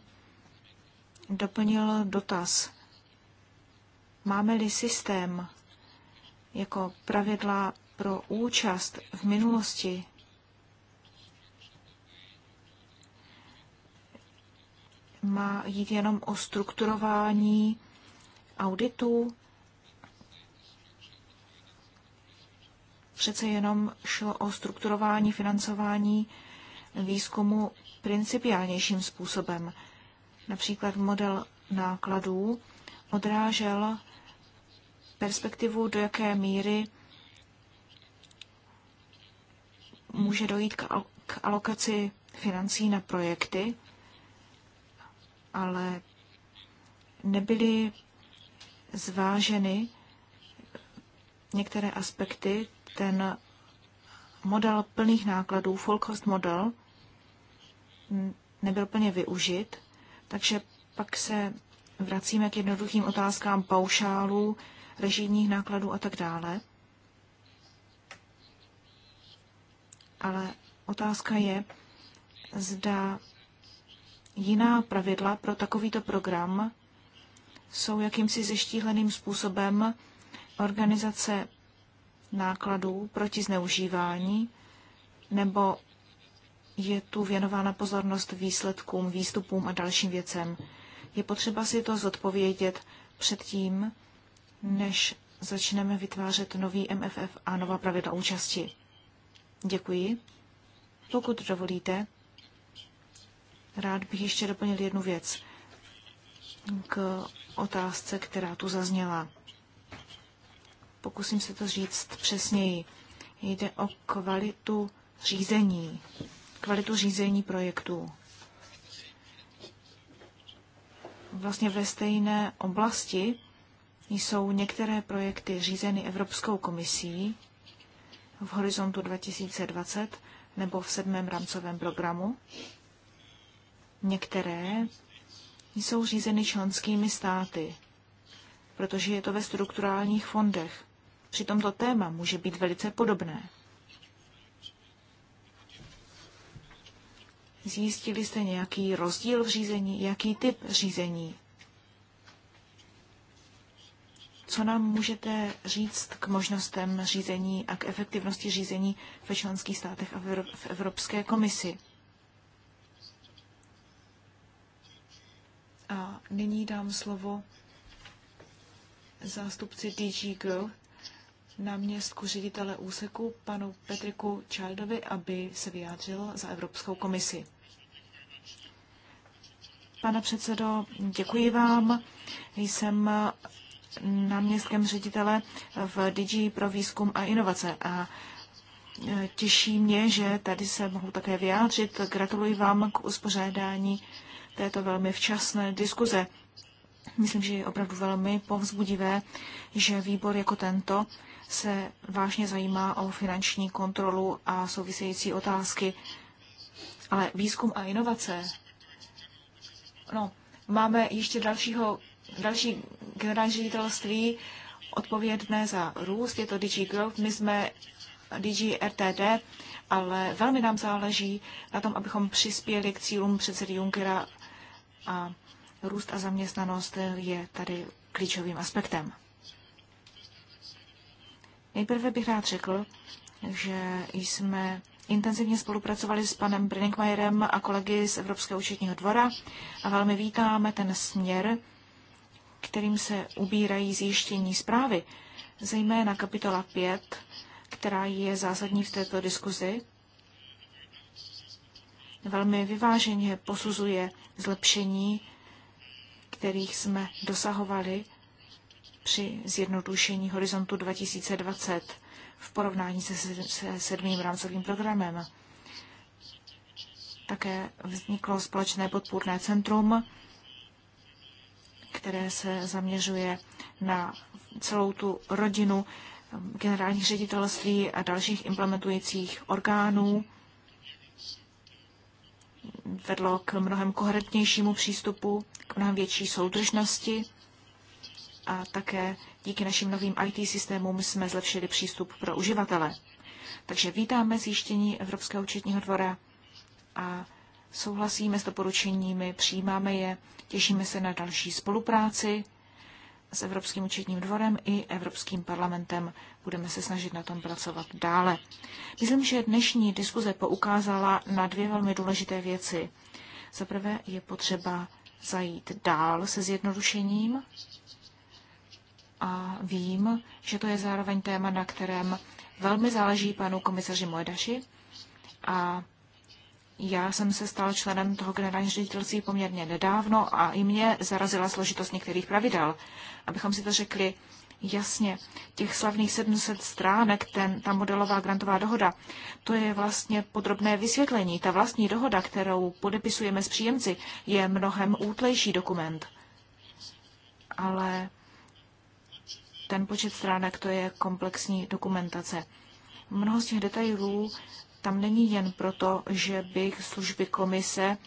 Speaker 4: doplnil dotaz. Máme-li systém jako pravidla pro účast v minulosti má jít jenom o strukturování auditu. Přece jenom šlo o strukturování financování výzkumu principiálnějším způsobem. Například model nákladů odrážel perspektivu, do jaké míry může dojít k alokaci financí na projekty, ale nebyly zváženy některé aspekty. Ten model plných nákladů, full cost model, nebyl plně využit, takže pak se vracíme k jednoduchým otázkám paušálů, režijních nákladů a tak dále. Ale otázka je, zda Jiná pravidla pro takovýto program jsou jakýmsi zeštíhleným způsobem organizace nákladů proti zneužívání, nebo je tu věnována pozornost výsledkům, výstupům a dalším věcem. Je potřeba si to zodpovědět předtím, než začneme vytvářet nový MFF a nová pravidla účasti. Děkuji. Pokud dovolíte, Rád bych ještě doplnil jednu věc k otázce, která tu zazněla. Pokusím se to říct přesněji. Jde o kvalitu řízení, kvalitu řízení projektů. Vlastně ve stejné oblasti jsou některé projekty řízeny Evropskou komisí v horizontu 2020 nebo v sedmém rámcovém programu Některé jsou řízeny členskými státy, protože je to ve strukturálních fondech. Přitom to téma může být velice podobné. Zjistili jste nějaký rozdíl v řízení, jaký typ řízení? Co nám můžete říct k možnostem řízení a k efektivnosti řízení ve členských státech a v Evropské komisi? A nyní dám slovo zástupci DG Grow, městku ředitele úseku, panu Petriku Childovi, aby se vyjádřil za Evropskou komisi. Pane předsedo, děkuji vám. Jsem na městském ředitele v DG pro výzkum a inovace a e, těší mě, že tady se mohu také vyjádřit. Gratuluji vám k uspořádání této velmi včasné diskuze. Myslím, že je opravdu velmi povzbudivé, že výbor jako tento se vážně zajímá o finanční kontrolu a související otázky. Ale výzkum a inovace. No, máme ještě dalšího, další generální ředitelství odpovědné za růst, je to DG Growth. My jsme DG RTD, ale velmi nám záleží na tom, abychom přispěli k cílům předsedy Junckera a růst a zaměstnanost je tady klíčovým aspektem. Nejprve bych rád řekl, že jsme intenzivně spolupracovali s panem Brinkmajerem a kolegy z Evropského účetního dvora a velmi vítáme ten směr, kterým se ubírají zjištění zprávy, zejména kapitola 5, která je zásadní v této diskuzi velmi vyváženě posuzuje zlepšení, kterých jsme dosahovali při zjednodušení horizontu 2020 v porovnání se, se sedmým rámcovým programem. Také vzniklo společné podpůrné centrum, které se zaměřuje na celou tu rodinu generálních ředitelství a dalších implementujících orgánů vedlo k mnohem koherentnějšímu přístupu, k mnohem větší soudržnosti a také díky našim novým IT systémům jsme zlepšili přístup pro uživatele. Takže vítáme zjištění Evropského účetního dvora a souhlasíme s doporučeními, přijímáme je, těšíme se na další spolupráci s Evropským účetním dvorem i Evropským parlamentem. Budeme se snažit na tom pracovat dále. Myslím, že dnešní diskuze poukázala na dvě velmi důležité věci. Za prvé je potřeba zajít dál se zjednodušením a vím, že to je zároveň téma, na kterém velmi záleží panu komisaři Moedaši a já jsem se stal členem toho generálního ředitelství poměrně nedávno a i mě zarazila složitost některých pravidel. Abychom si to řekli jasně, těch slavných 700 stránek, ten, ta modelová grantová dohoda, to je vlastně podrobné vysvětlení. Ta vlastní dohoda, kterou podepisujeme s příjemci, je mnohem útlejší dokument. Ale ten počet stránek, to je komplexní dokumentace. Mnoho z těch detailů tam není jen proto, že bych služby komise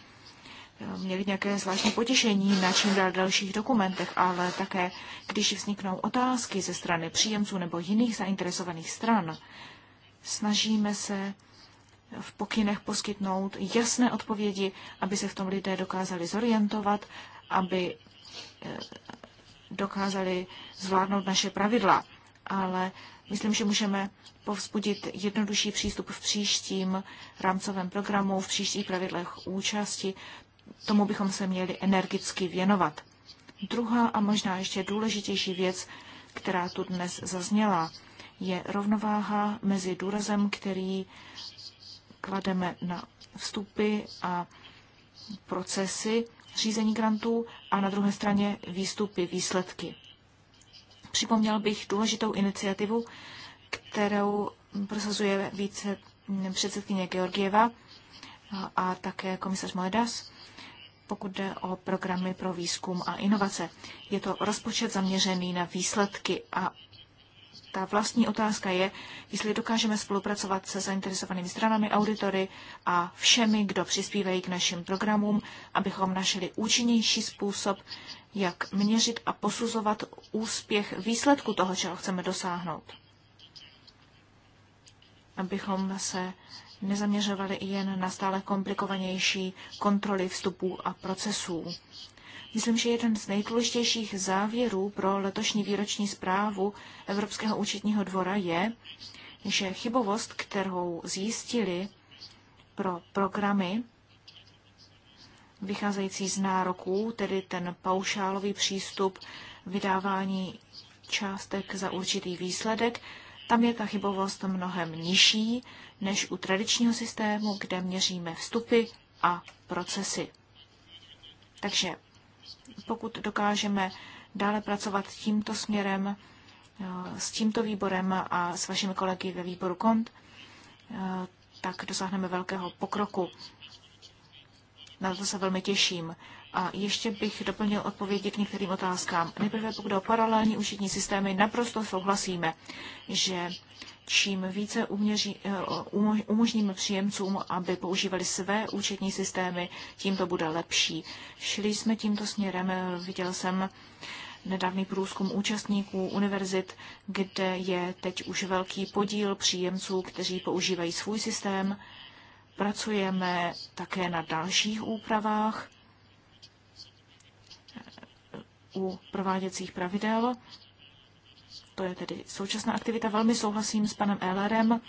Speaker 4: eh, měli nějaké zvláštní potěšení na čím dál dalších dokumentech, ale také, když vzniknou otázky ze strany příjemců nebo jiných zainteresovaných stran, snažíme se v pokynech poskytnout jasné odpovědi, aby se v tom lidé dokázali zorientovat, aby eh, dokázali zvládnout naše pravidla. Ale Myslím, že můžeme povzbudit jednodušší přístup v příštím rámcovém programu, v příštích pravidlech účasti. Tomu bychom se měli energicky věnovat. Druhá a možná ještě důležitější věc, která tu dnes zazněla, je rovnováha mezi důrazem, který klademe na vstupy a procesy řízení grantů a na druhé straně výstupy, výsledky. Připomněl bych důležitou iniciativu, kterou prosazuje více předsedkyně Georgieva a také komisař Moedas, pokud jde o programy pro výzkum a inovace. Je to rozpočet zaměřený na výsledky a ta vlastní otázka je, jestli dokážeme spolupracovat se zainteresovanými stranami, auditory a všemi, kdo přispívají k našim programům, abychom našli účinnější způsob, jak měřit a posuzovat úspěch výsledku toho, čeho chceme dosáhnout. Abychom se nezaměřovali jen na stále komplikovanější kontroly vstupů a procesů Myslím, že jeden z nejdůležitějších závěrů pro letošní výroční zprávu Evropského účetního dvora je, že chybovost, kterou zjistili pro programy vycházející z nároků, tedy ten paušálový přístup vydávání částek za určitý výsledek, tam je ta chybovost mnohem nižší než u tradičního systému, kde měříme vstupy a procesy. Takže pokud dokážeme dále pracovat tímto směrem, eh, s tímto výborem a s vašimi kolegy ve výboru KONT, eh, tak dosáhneme velkého pokroku. Na to se velmi těším. A ještě bych doplnil odpovědi k některým otázkám. Nejprve pokud o paralelní účetní systémy, naprosto souhlasíme, že čím více uměří, eh, umožníme příjemcům, aby používali své účetní systémy, tím to bude lepší. Šli jsme tímto směrem, viděl jsem nedávný průzkum účastníků univerzit, kde je teď už velký podíl příjemců, kteří používají svůj systém. Pracujeme také na dalších úpravách eh, u prováděcích pravidel to je tedy současná aktivita. Velmi souhlasím s panem Ellerem,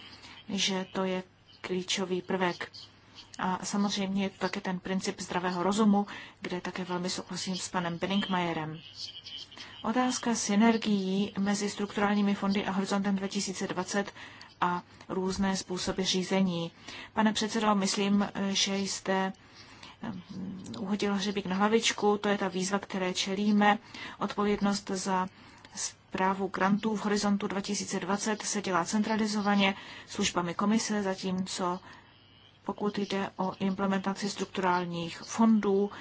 Speaker 4: že to je klíčový prvek. A samozřejmě je to také ten princip zdravého rozumu, kde také velmi souhlasím s panem Benningmajerem. Otázka synergií mezi strukturálními fondy a Horizontem 2020 a různé způsoby řízení. Pane předsedo, myslím, že jste eh, uhodil hřebík na hlavičku, to je ta výzva, které čelíme, odpovědnost za právu grantů v horizontu 2020 se dělá centralizovaně službami komise, zatímco pokud jde o implementaci strukturálních fondů,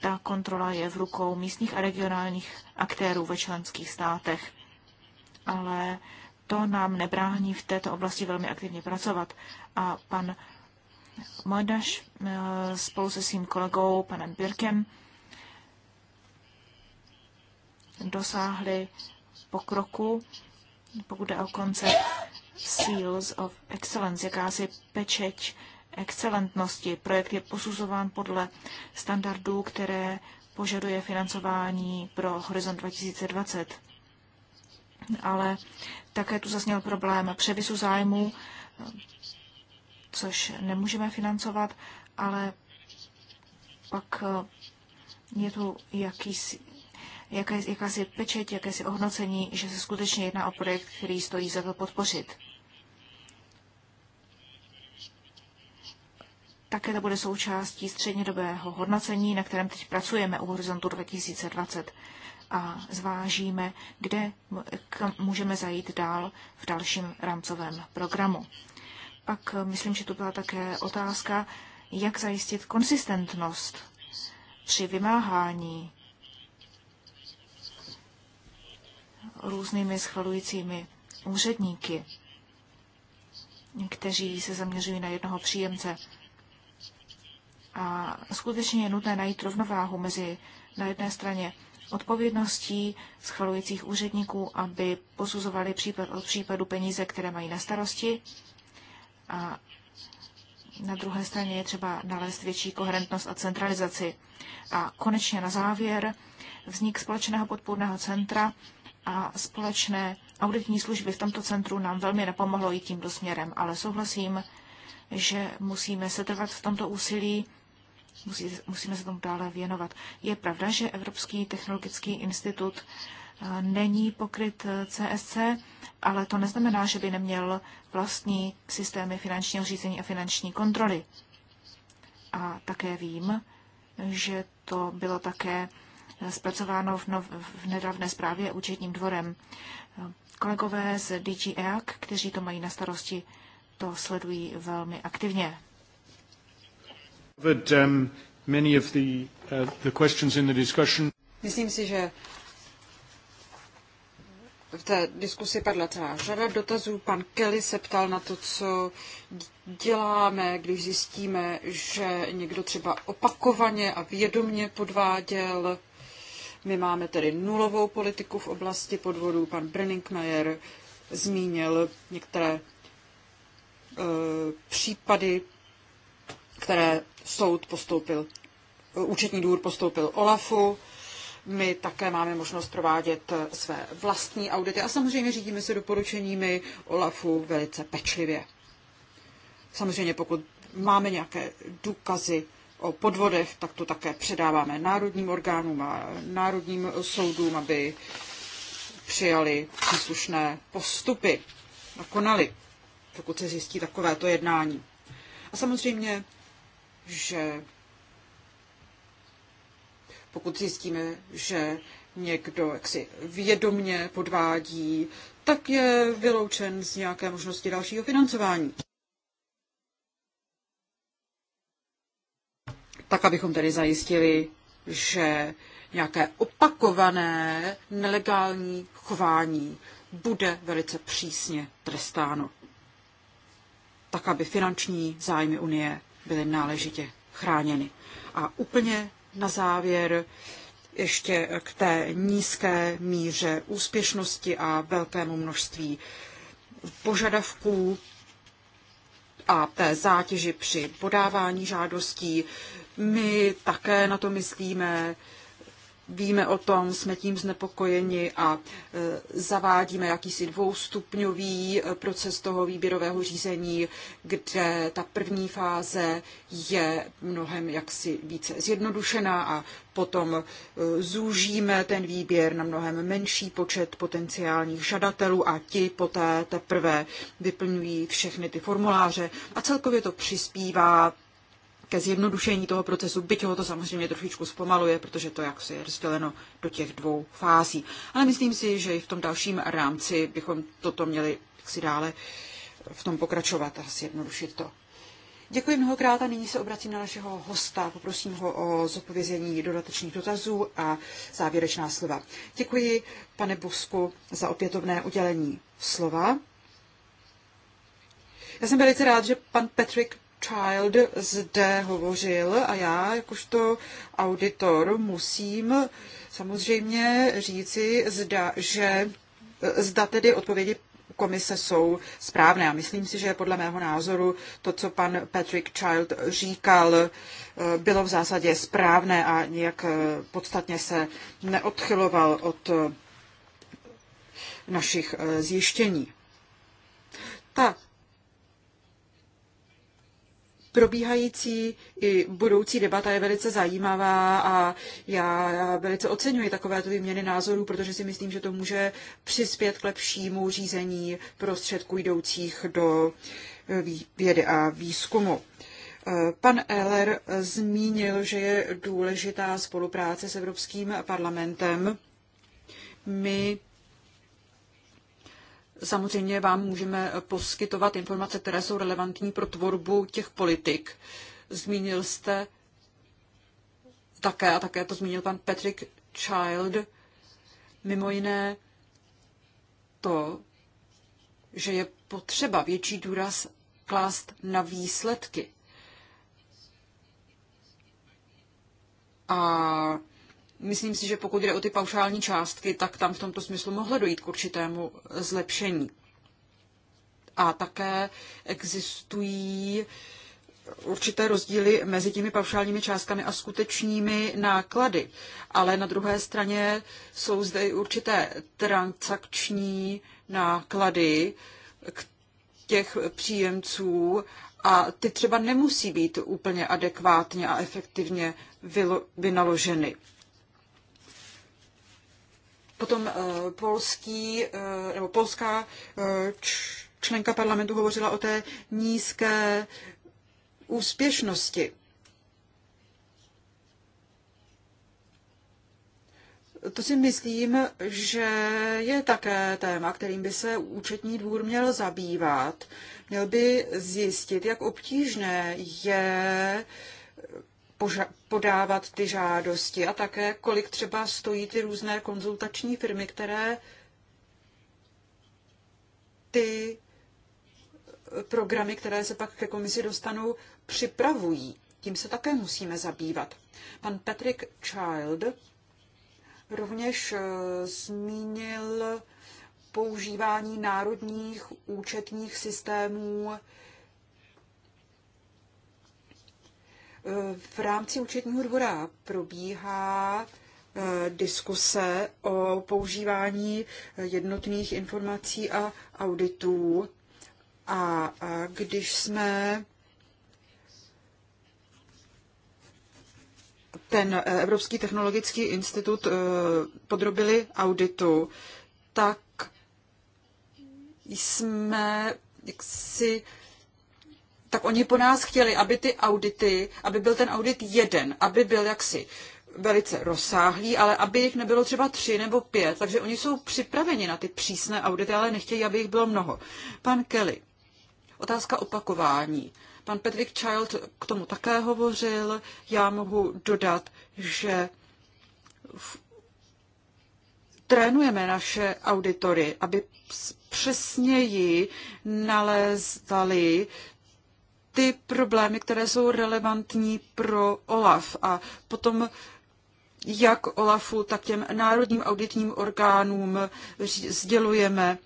Speaker 4: ta kontrola je v rukou místních a regionálních aktérů ve členských státech. Ale to nám nebrání v této oblasti velmi aktivně pracovat. A pan Mojdaš eh, spolu se svým kolegou, panem Birkem, dosáhli pokroku, pokud jde o koncept Seals of Excellence, jakási pečeť excelentnosti. Projekt je posuzován podle standardů, které požaduje financování pro Horizont 2020. Ale také tu zazněl problém převisu zájmu, což nemůžeme financovat, ale pak je tu jakýsi, jaké, jakási pečeť, jakési ohodnocení, že se skutečně jedná o projekt, který stojí za to podpořit. Také to bude součástí střednědobého hodnocení, na kterém teď pracujeme u horizontu 2020 a zvážíme, kde kam můžeme zajít dál v dalším rámcovém programu. Pak eh, myslím, že tu byla také otázka, jak zajistit konsistentnost při vymáhání různými schvalujícími úředníky, kteří se zaměřují na jednoho příjemce. A skutečně je nutné najít rovnováhu mezi na jedné straně odpovědností schvalujících úředníků, aby posuzovali případ od případu peníze, které mají na starosti. A na druhé straně je třeba nalézt větší koherentnost a centralizaci. A konečně na závěr vznik společného podpůrného centra a společné auditní služby v tomto centru nám velmi napomohlo i tímto směrem, ale souhlasím, že musíme se trvat v tomto úsilí, musí, musíme se tomu dále věnovat. Je pravda, že Evropský technologický institut eh, není pokryt CSC, eh, ale to neznamená, že by neměl vlastní systémy finančního řízení a finanční kontroly. A také vím, že to bylo také zpracováno v, nov, v nedávné zprávě účetním dvorem. Kolegové z DG EAC, kteří to mají na starosti, to sledují velmi aktivně.
Speaker 1: But, um, many of the, uh, the questions in the discussion.
Speaker 3: Myslím si, že v té diskusi padla celá řada dotazů. Pan Kelly se ptal na to, co děláme, když zjistíme, že někdo třeba opakovaně a vědomně podváděl. My máme tedy nulovou politiku v oblasti podvodů. Pan Brenningmeier zmínil některé e, případy, které soud postoupil, e, účetní důr postoupil Olafu. My také máme možnost provádět e, své vlastní audity a samozřejmě řídíme se doporučeními Olafu velice pečlivě. Samozřejmě pokud máme nějaké důkazy, o podvodech, tak to také předáváme národním orgánům a národním soudům, aby přijali příslušné postupy a konali, pokud se zjistí takovéto jednání. A samozřejmě, že pokud zjistíme, že někdo jaksi vědomně podvádí, tak je vyloučen z nějaké možnosti dalšího financování. tak abychom tedy zajistili, že nějaké opakované nelegální chování bude velice přísně trestáno, tak aby finanční zájmy Unie byly náležitě chráněny. A úplně na závěr ještě k té nízké míře úspěšnosti a velkému množství požadavků a té zátěži při podávání žádostí. My také na to myslíme, víme o tom, jsme tím znepokojeni a e, zavádíme jakýsi dvoustupňový e, proces toho výběrového řízení, kde ta první fáze je mnohem jaksi více zjednodušená a potom e, zúžíme ten výběr na mnohem menší počet potenciálních žadatelů a ti poté teprve vyplňují všechny ty formuláře a celkově to přispívá ke zjednodušení toho procesu, byť ho to samozřejmě trošičku zpomaluje, protože to jak se je rozděleno do těch dvou fází. Ale myslím si, že i v tom dalším rámci bychom toto měli si dále v tom pokračovat a zjednodušit to. Děkuji mnohokrát a nyní se obracím na našeho hosta. Poprosím ho o zodpovězení dodatečných dotazů a závěrečná slova. Děkuji, pane Busku, za opětovné udělení slova. Já jsem velice rád, že pan Patrick Child zde hovořil a já jakožto auditor musím samozřejmě říci, zda, že, zda tedy odpovědi komise jsou správné. A myslím si, že podle mého názoru to, co pan Patrick Child říkal, bylo v zásadě správné a nějak podstatně se neodchyloval od našich eh, zjištění. Tak probíhající i budoucí debata je velice zajímavá a já velice oceňuji takovéto výměny názorů, protože si myslím, že to může přispět k lepšímu řízení prostředků jdoucích do eh, vědy a výzkumu. Eh, pan Eller zmínil, že je důležitá spolupráce s Evropským parlamentem. My Samozřejmě vám můžeme poskytovat informace, které jsou relevantní pro tvorbu těch politik. Zmínil jste také, a také to zmínil pan Patrick Child, mimo jiné to, že je potřeba větší důraz klást na výsledky. A Myslím si, že pokud jde o ty paušální částky, tak tam v tomto smyslu mohlo dojít k určitému zlepšení. A také existují určité rozdíly mezi těmi paušálními částkami a skutečnými náklady. Ale na druhé straně jsou zde i určité transakční náklady k těch příjemců a ty třeba nemusí být úplně adekvátně a efektivně vynaloženy. Potom eh, polský, eh, nebo polská eh, členka parlamentu hovořila o té nízké úspěšnosti. To si myslím, že je také téma, kterým by se účetní dvůr měl zabývat. Měl by zjistit, jak obtížné je uh, podávat ty žádosti a také kolik třeba stojí ty různé konzultační firmy, které ty eh, programy, které se pak ke komisi dostanou, připravují. Tím se také musíme zabývat. Pan Patrick Child rovněž eh, zmínil používání národních účetních systémů V rámci účetního dvora probíhá eh, diskuse o používání jednotných informací a auditů. A když jsme ten eh, Evropský technologický institut eh, podrobili auditu, tak jsme si tak oni po nás chtěli, aby ty audity, aby byl ten audit jeden, aby byl jaksi velice rozsáhlý, ale aby jich nebylo třeba tři nebo pět, takže oni jsou připraveni na ty přísné audity, ale nechtějí, aby jich bylo mnoho. Pan Kelly, otázka opakování. Pan Patrick Child k tomu také hovořil. Já mohu dodat, že v... trénujeme naše auditory, aby přesněji nalézali ty problémy, které jsou relevantní pro OLAF a potom jak OLAFu, tak těm národním auditním orgánům sdělujeme,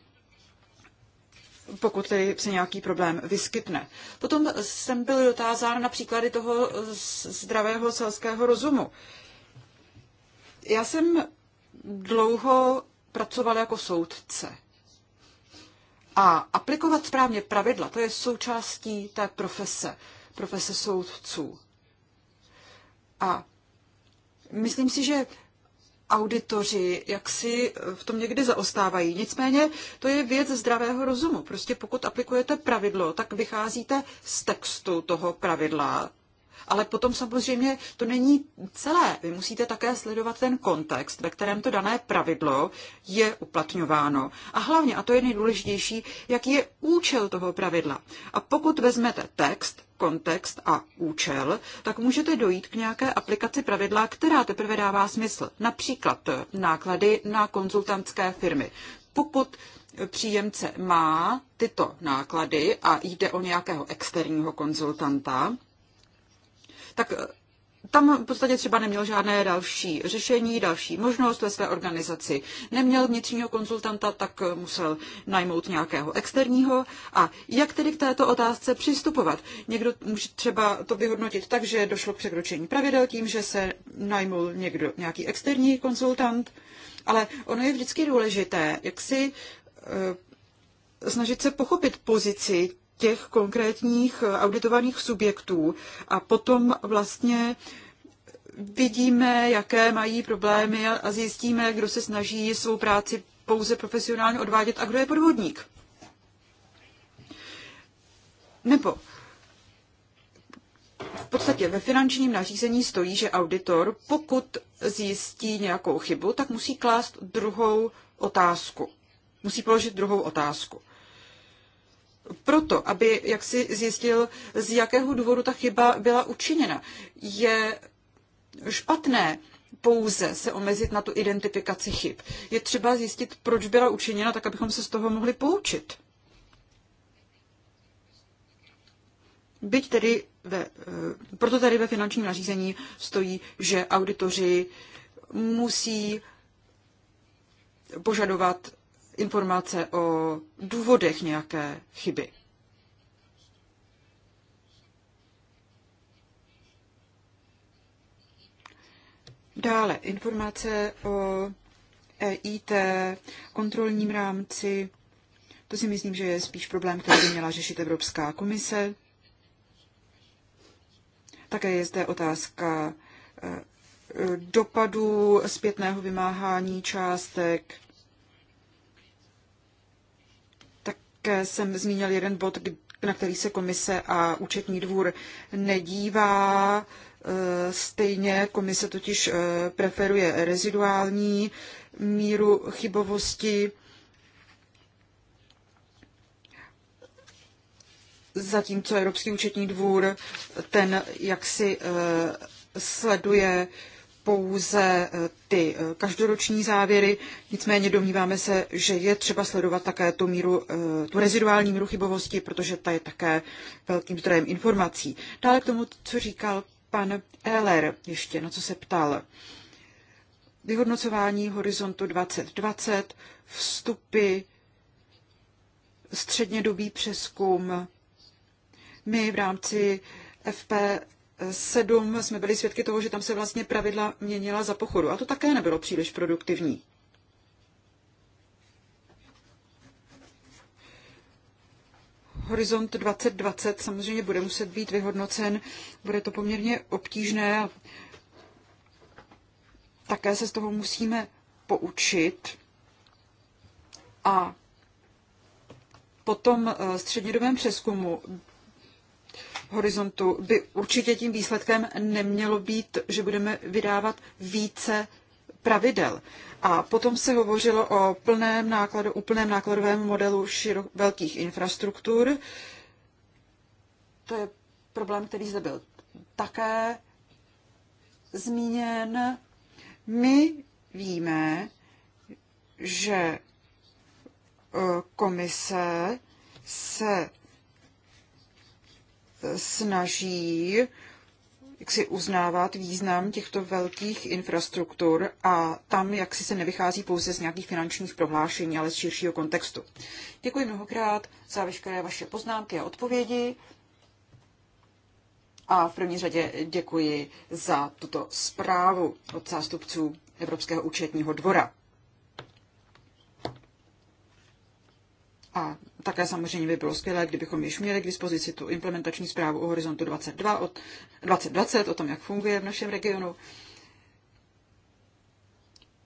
Speaker 3: pokud tedy se nějaký problém vyskytne. Potom jsem byl dotázán na příklady toho zdravého selského rozumu. Já jsem dlouho pracoval jako soudce. A aplikovat správně pravidla, to je součástí té profese, profese soudců. A myslím si, že auditoři jaksi v tom někdy zaostávají. Nicméně to je věc zdravého rozumu. Prostě pokud aplikujete pravidlo, tak vycházíte z textu toho pravidla, ale potom samozřejmě to není celé. Vy musíte také sledovat ten kontext, ve kterém to dané pravidlo je uplatňováno. A hlavně, a to je nejdůležitější, jaký je účel toho pravidla. A pokud vezmete text, kontext a účel, tak můžete dojít k nějaké aplikaci pravidla, která teprve dává smysl. Například náklady na konzultantské firmy. Pokud příjemce má tyto náklady a jde o nějakého externího konzultanta, tak eh, tam v podstatě třeba neměl žádné další řešení, další možnost ve své organizaci. Neměl vnitřního konzultanta, tak eh, musel najmout nějakého externího. A jak tedy k této otázce přistupovat? Někdo může třeba to vyhodnotit tak, že došlo k překročení pravidel tím, že se najmul někdo, nějaký externí konzultant, ale ono je vždycky důležité, jak si eh, snažit se pochopit pozici těch konkrétních eh, auditovaných subjektů a potom vlastně vidíme, jaké mají problémy a zjistíme, kdo se snaží svou práci pouze profesionálně odvádět a kdo je podvodník. Nebo v podstatě ve finančním nařízení stojí, že auditor, pokud zjistí nějakou chybu, tak musí klást druhou otázku. Musí položit druhou otázku proto, aby jak si zjistil, z jakého důvodu ta chyba byla učiněna. Je špatné pouze se omezit na tu identifikaci chyb. Je třeba zjistit, proč byla učiněna, tak abychom se z toho mohli poučit. Byť tedy ve, eh, proto tady ve finančním nařízení stojí, že auditoři musí požadovat informace o důvodech nějaké chyby. Dále informace o EIT, kontrolním rámci. To si myslím, že je spíš problém, který by měla řešit Evropská komise. Také je zde otázka eh, dopadu zpětného vymáhání částek jsem zmínil jeden bod, na který se komise a účetní dvůr nedívá. E, stejně komise totiž e, preferuje reziduální míru chybovosti. Zatímco Evropský účetní dvůr ten jaksi e, sleduje pouze eh, ty eh, každoroční závěry, nicméně domníváme se, že je třeba sledovat také tu, míru, eh, tu reziduální míru chybovosti, protože ta je také velkým zdrojem informací. Dále k tomu, co říkal pan Eller, ještě na co se ptal. Vyhodnocování horizontu 2020, vstupy, střednědobý přeskum. My v rámci FP Sedm jsme byli svědky toho, že tam se vlastně pravidla měnila za pochodu. A to také nebylo příliš produktivní. Horizont 2020 samozřejmě bude muset být vyhodnocen. Bude to poměrně obtížné. Také se z toho musíme poučit. A po tom eh, střednědobém přeskumu horizontu, by určitě tím výsledkem nemělo být, že budeme vydávat více pravidel. A potom se hovořilo o plném, nákladu, úplném nákladovém modelu širo, velkých infrastruktur. To je problém, který zde byl také zmíněn. My víme, že eh, komise se snaží jak si uznávat význam těchto velkých infrastruktur a tam, jak si se nevychází pouze z nějakých finančních prohlášení, ale z širšího kontextu. Děkuji mnohokrát za veškeré vaše poznámky a odpovědi. A v první řadě děkuji za tuto zprávu od zástupců Evropského účetního dvora. A také samozřejmě by bylo skvělé, kdybychom již měli k dispozici tu implementační zprávu o Horizontu 22 od 2020, o tom, jak funguje v našem regionu.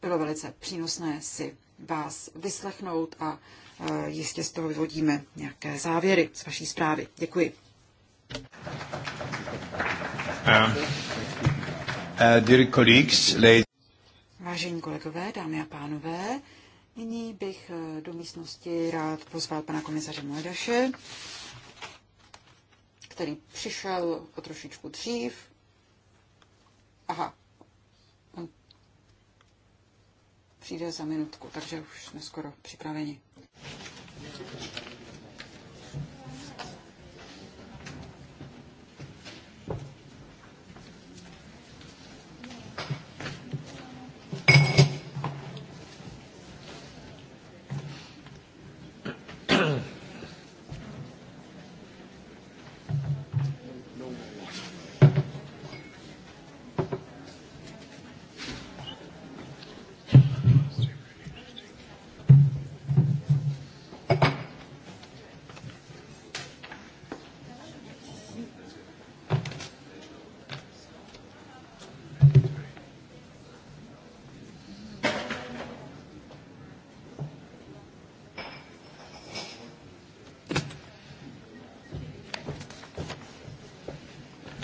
Speaker 3: Bylo velice přínosné si vás vyslechnout a e, jistě z toho vyvodíme nějaké závěry z vaší zprávy. Děkuji. Uh,
Speaker 1: uh, dear colleagues,
Speaker 3: Vážení kolegové, dámy a pánové, Nyní bych eh, do místnosti rád pozval pana komisaře Mladaše, který přišel o trošičku dřív. Aha, on přijde za minutku, takže už jsme skoro připraveni.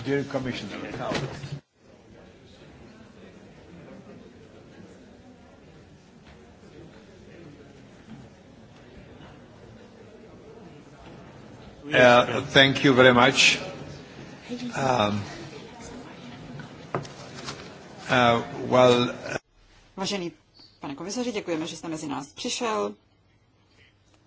Speaker 1: dear Commissioner. Uh, thank you very much. Um, uh, well, uh,
Speaker 3: Vážený pane komisaři, děkujeme, že jste mezi nás přišel.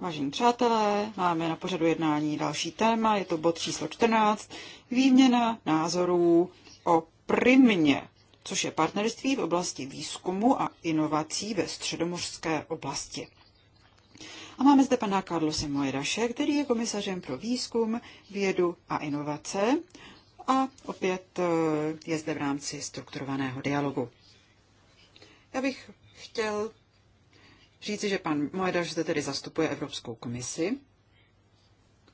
Speaker 3: Vážení přátelé, máme na pořadu jednání další téma, je to bod číslo 14, výměna názorů o primě, což je partnerství v oblasti výzkumu a inovací ve středomořské oblasti. A máme zde pana Carlose Moedaše, který je komisařem pro výzkum, vědu a inovace a opět eh, je zde v rámci strukturovaného dialogu. Já bych chtěl říci, že pan Moedaš zde tedy zastupuje Evropskou komisi,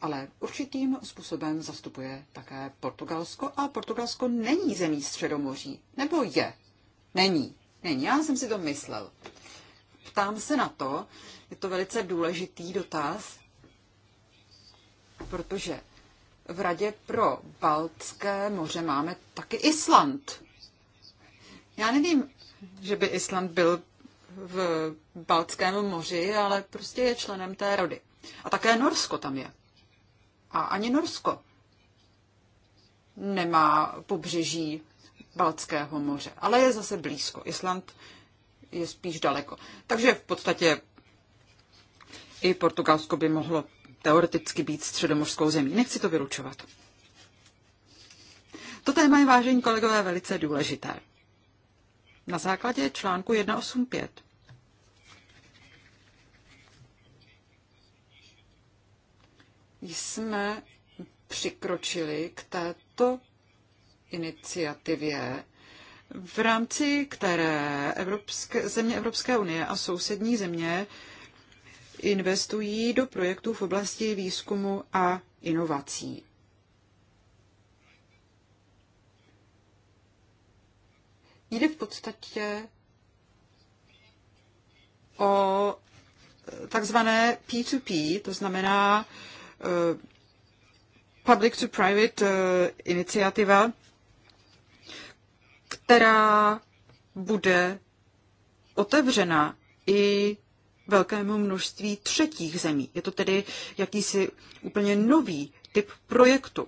Speaker 3: ale určitým způsobem zastupuje také Portugalsko a Portugalsko není zemí Středomoří. Nebo je? Není. Není, já jsem si to myslel. Ptám se na to, je to velice důležitý dotaz, protože v Radě pro Baltské moře máme taky Island. Já nevím, že by Island byl v Baltském moři, ale prostě je členem té rody. A také Norsko tam je. A ani Norsko nemá pobřeží Baltského moře, ale je zase blízko. Island je spíš daleko. Takže v podstatě i Portugalsko by mohlo teoreticky být středomořskou zemí. Nechci to vylučovat. To téma je, vážení kolegové, velice důležité na základě článku 185. Jsme přikročili k této iniciativě, v rámci které Evropské, země Evropské unie a sousední země investují do projektů v oblasti výzkumu a inovací. Jde v podstatě o eh, takzvané P2P, to znamená eh, public to private eh, iniciativa, která bude otevřena i velkému množství třetích zemí. Je to tedy jakýsi úplně nový typ projektu.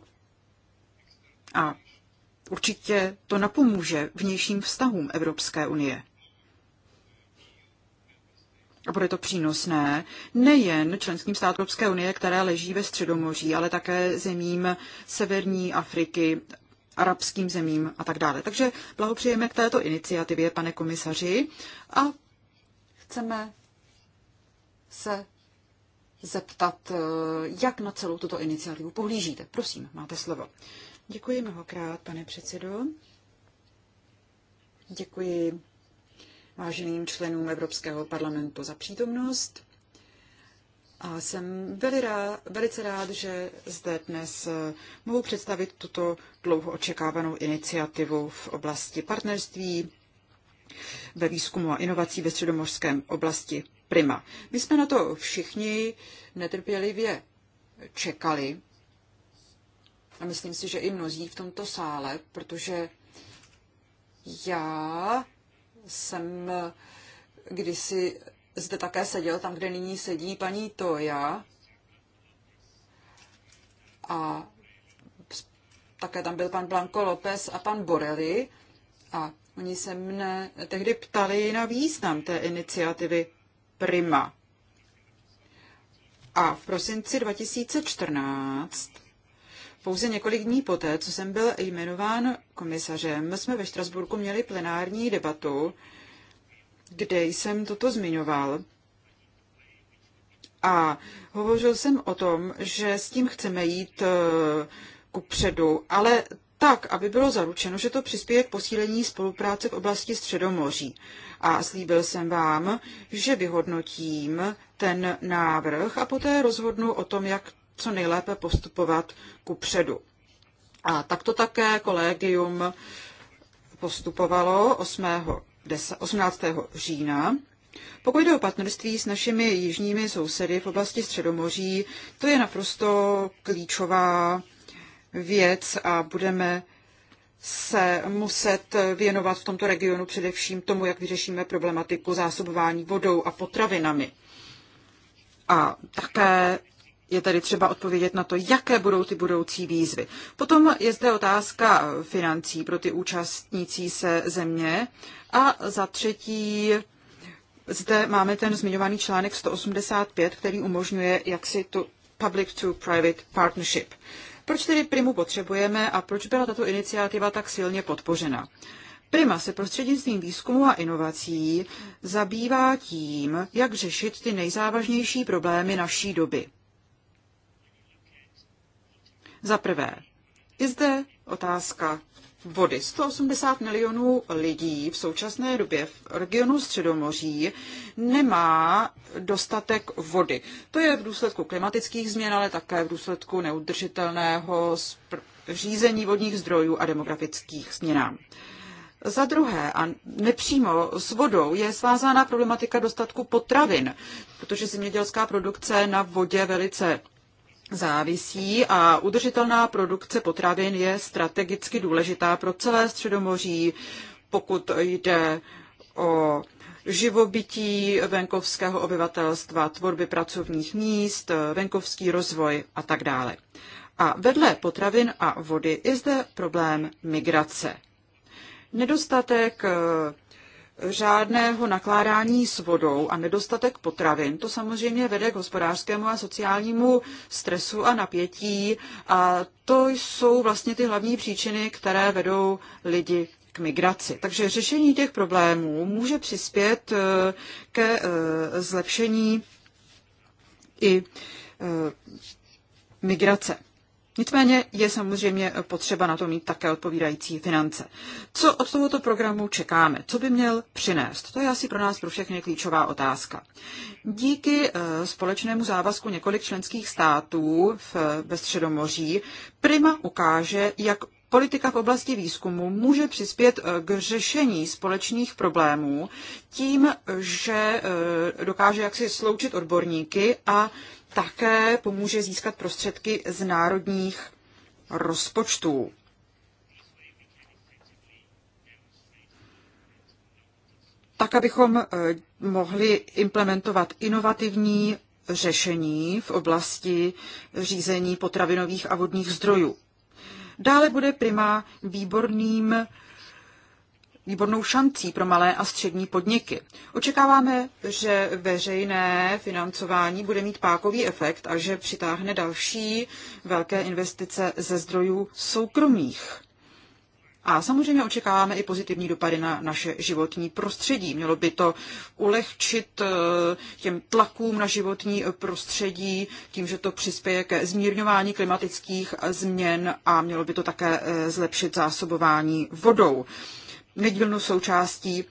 Speaker 3: A Určitě to napomůže vnějším vztahům Evropské unie. A bude to přínosné nejen členským státům Evropské unie, které leží ve Středomoří, ale také zemím Severní Afriky, arabským zemím a tak dále. Takže blahopřejeme k této iniciativě, pane komisaři, a chceme se zeptat, eh, jak na celou tuto iniciativu pohlížíte. Prosím, máte slovo. Děkuji mnohokrát, pane předsedo. Děkuji váženým členům Evropského parlamentu za přítomnost. A jsem velice rád, že zde dnes eh, mohu představit tuto dlouho očekávanou iniciativu v oblasti partnerství ve výzkumu a inovací ve středomořském oblasti Prima. My jsme na to všichni netrpělivě čekali, a myslím si, že i mnozí v tomto sále, protože já jsem kdysi zde také seděl, tam, kde nyní sedí paní Toja. A také tam byl pan Blanco López a pan Borelli. A oni se mne tehdy ptali na význam té iniciativy Prima. A v prosinci 2014 pouze několik dní poté, co jsem byl jmenován komisařem, jsme ve Štrasburku měli plenární debatu, kde jsem toto zmiňoval. A hovořil jsem o tom, že s tím chceme jít eh, ku předu, ale tak, aby bylo zaručeno, že to přispěje k posílení spolupráce v oblasti Středomoří. A slíbil jsem vám, že vyhodnotím ten návrh a poté rozhodnu o tom, jak co nejlépe postupovat ku předu. A takto také kolegium postupovalo 8. 18. října. Pokud jde o partnerství s našimi jižními sousedy v oblasti Středomoří, to je naprosto klíčová věc a budeme se muset věnovat v tomto regionu především tomu, jak vyřešíme problematiku zásobování vodou a potravinami. A také je tady třeba odpovědět na to, jaké budou ty budoucí výzvy. Potom je zde otázka financí pro ty účastnící se země. A za třetí zde máme ten zmiňovaný článek 185, který umožňuje jaksi tu public to private partnership. Proč tedy Primu potřebujeme a proč byla tato iniciativa tak silně podpořena? Prima se prostřednictvím výzkumu a inovací zabývá tím, jak řešit ty nejzávažnější problémy naší doby. Za prvé, i zde otázka vody. 180 milionů lidí v současné době v regionu Středomoří nemá dostatek vody. To je v důsledku klimatických změn, ale také v důsledku neudržitelného řízení vodních zdrojů a demografických změnám. Za druhé, a nepřímo s vodou, je svázána problematika dostatku potravin, protože zemědělská produkce na vodě velice závisí a udržitelná produkce potravin je strategicky důležitá pro celé Středomoří, pokud jde o živobytí venkovského obyvatelstva, tvorby pracovních míst, venkovský rozvoj a tak dále. A vedle potravin a vody je zde problém migrace. Nedostatek řádného nakládání s vodou a nedostatek potravin, to samozřejmě vede k hospodářskému a sociálnímu stresu a napětí a to jsou vlastně ty hlavní příčiny, které vedou lidi k migraci. Takže řešení těch problémů může přispět eh, ke eh, zlepšení i eh, migrace. Nicméně je samozřejmě potřeba na to mít také odpovídající finance. Co od tohoto programu čekáme? Co by měl přinést? To je asi pro nás pro všechny klíčová otázka. Díky eh, společnému závazku několik členských států v, ve Středomoří Prima ukáže, jak Politika v oblasti výzkumu může přispět eh, k řešení společných problémů tím, že eh, dokáže jaksi sloučit odborníky a také pomůže získat prostředky z národních rozpočtů. tak abychom eh, mohli implementovat inovativní řešení v oblasti řízení potravinových a vodních zdrojů. Dále bude Prima výborným výbornou šancí pro malé a střední podniky. Očekáváme, že veřejné financování bude mít pákový efekt a že přitáhne další velké investice ze zdrojů soukromých. A samozřejmě očekáváme i pozitivní dopady na naše životní prostředí. Mělo by to ulehčit eh, těm tlakům na životní prostředí, tím, že to přispěje ke zmírňování klimatických změn a mělo by to také eh, zlepšit zásobování vodou nedílnou součástí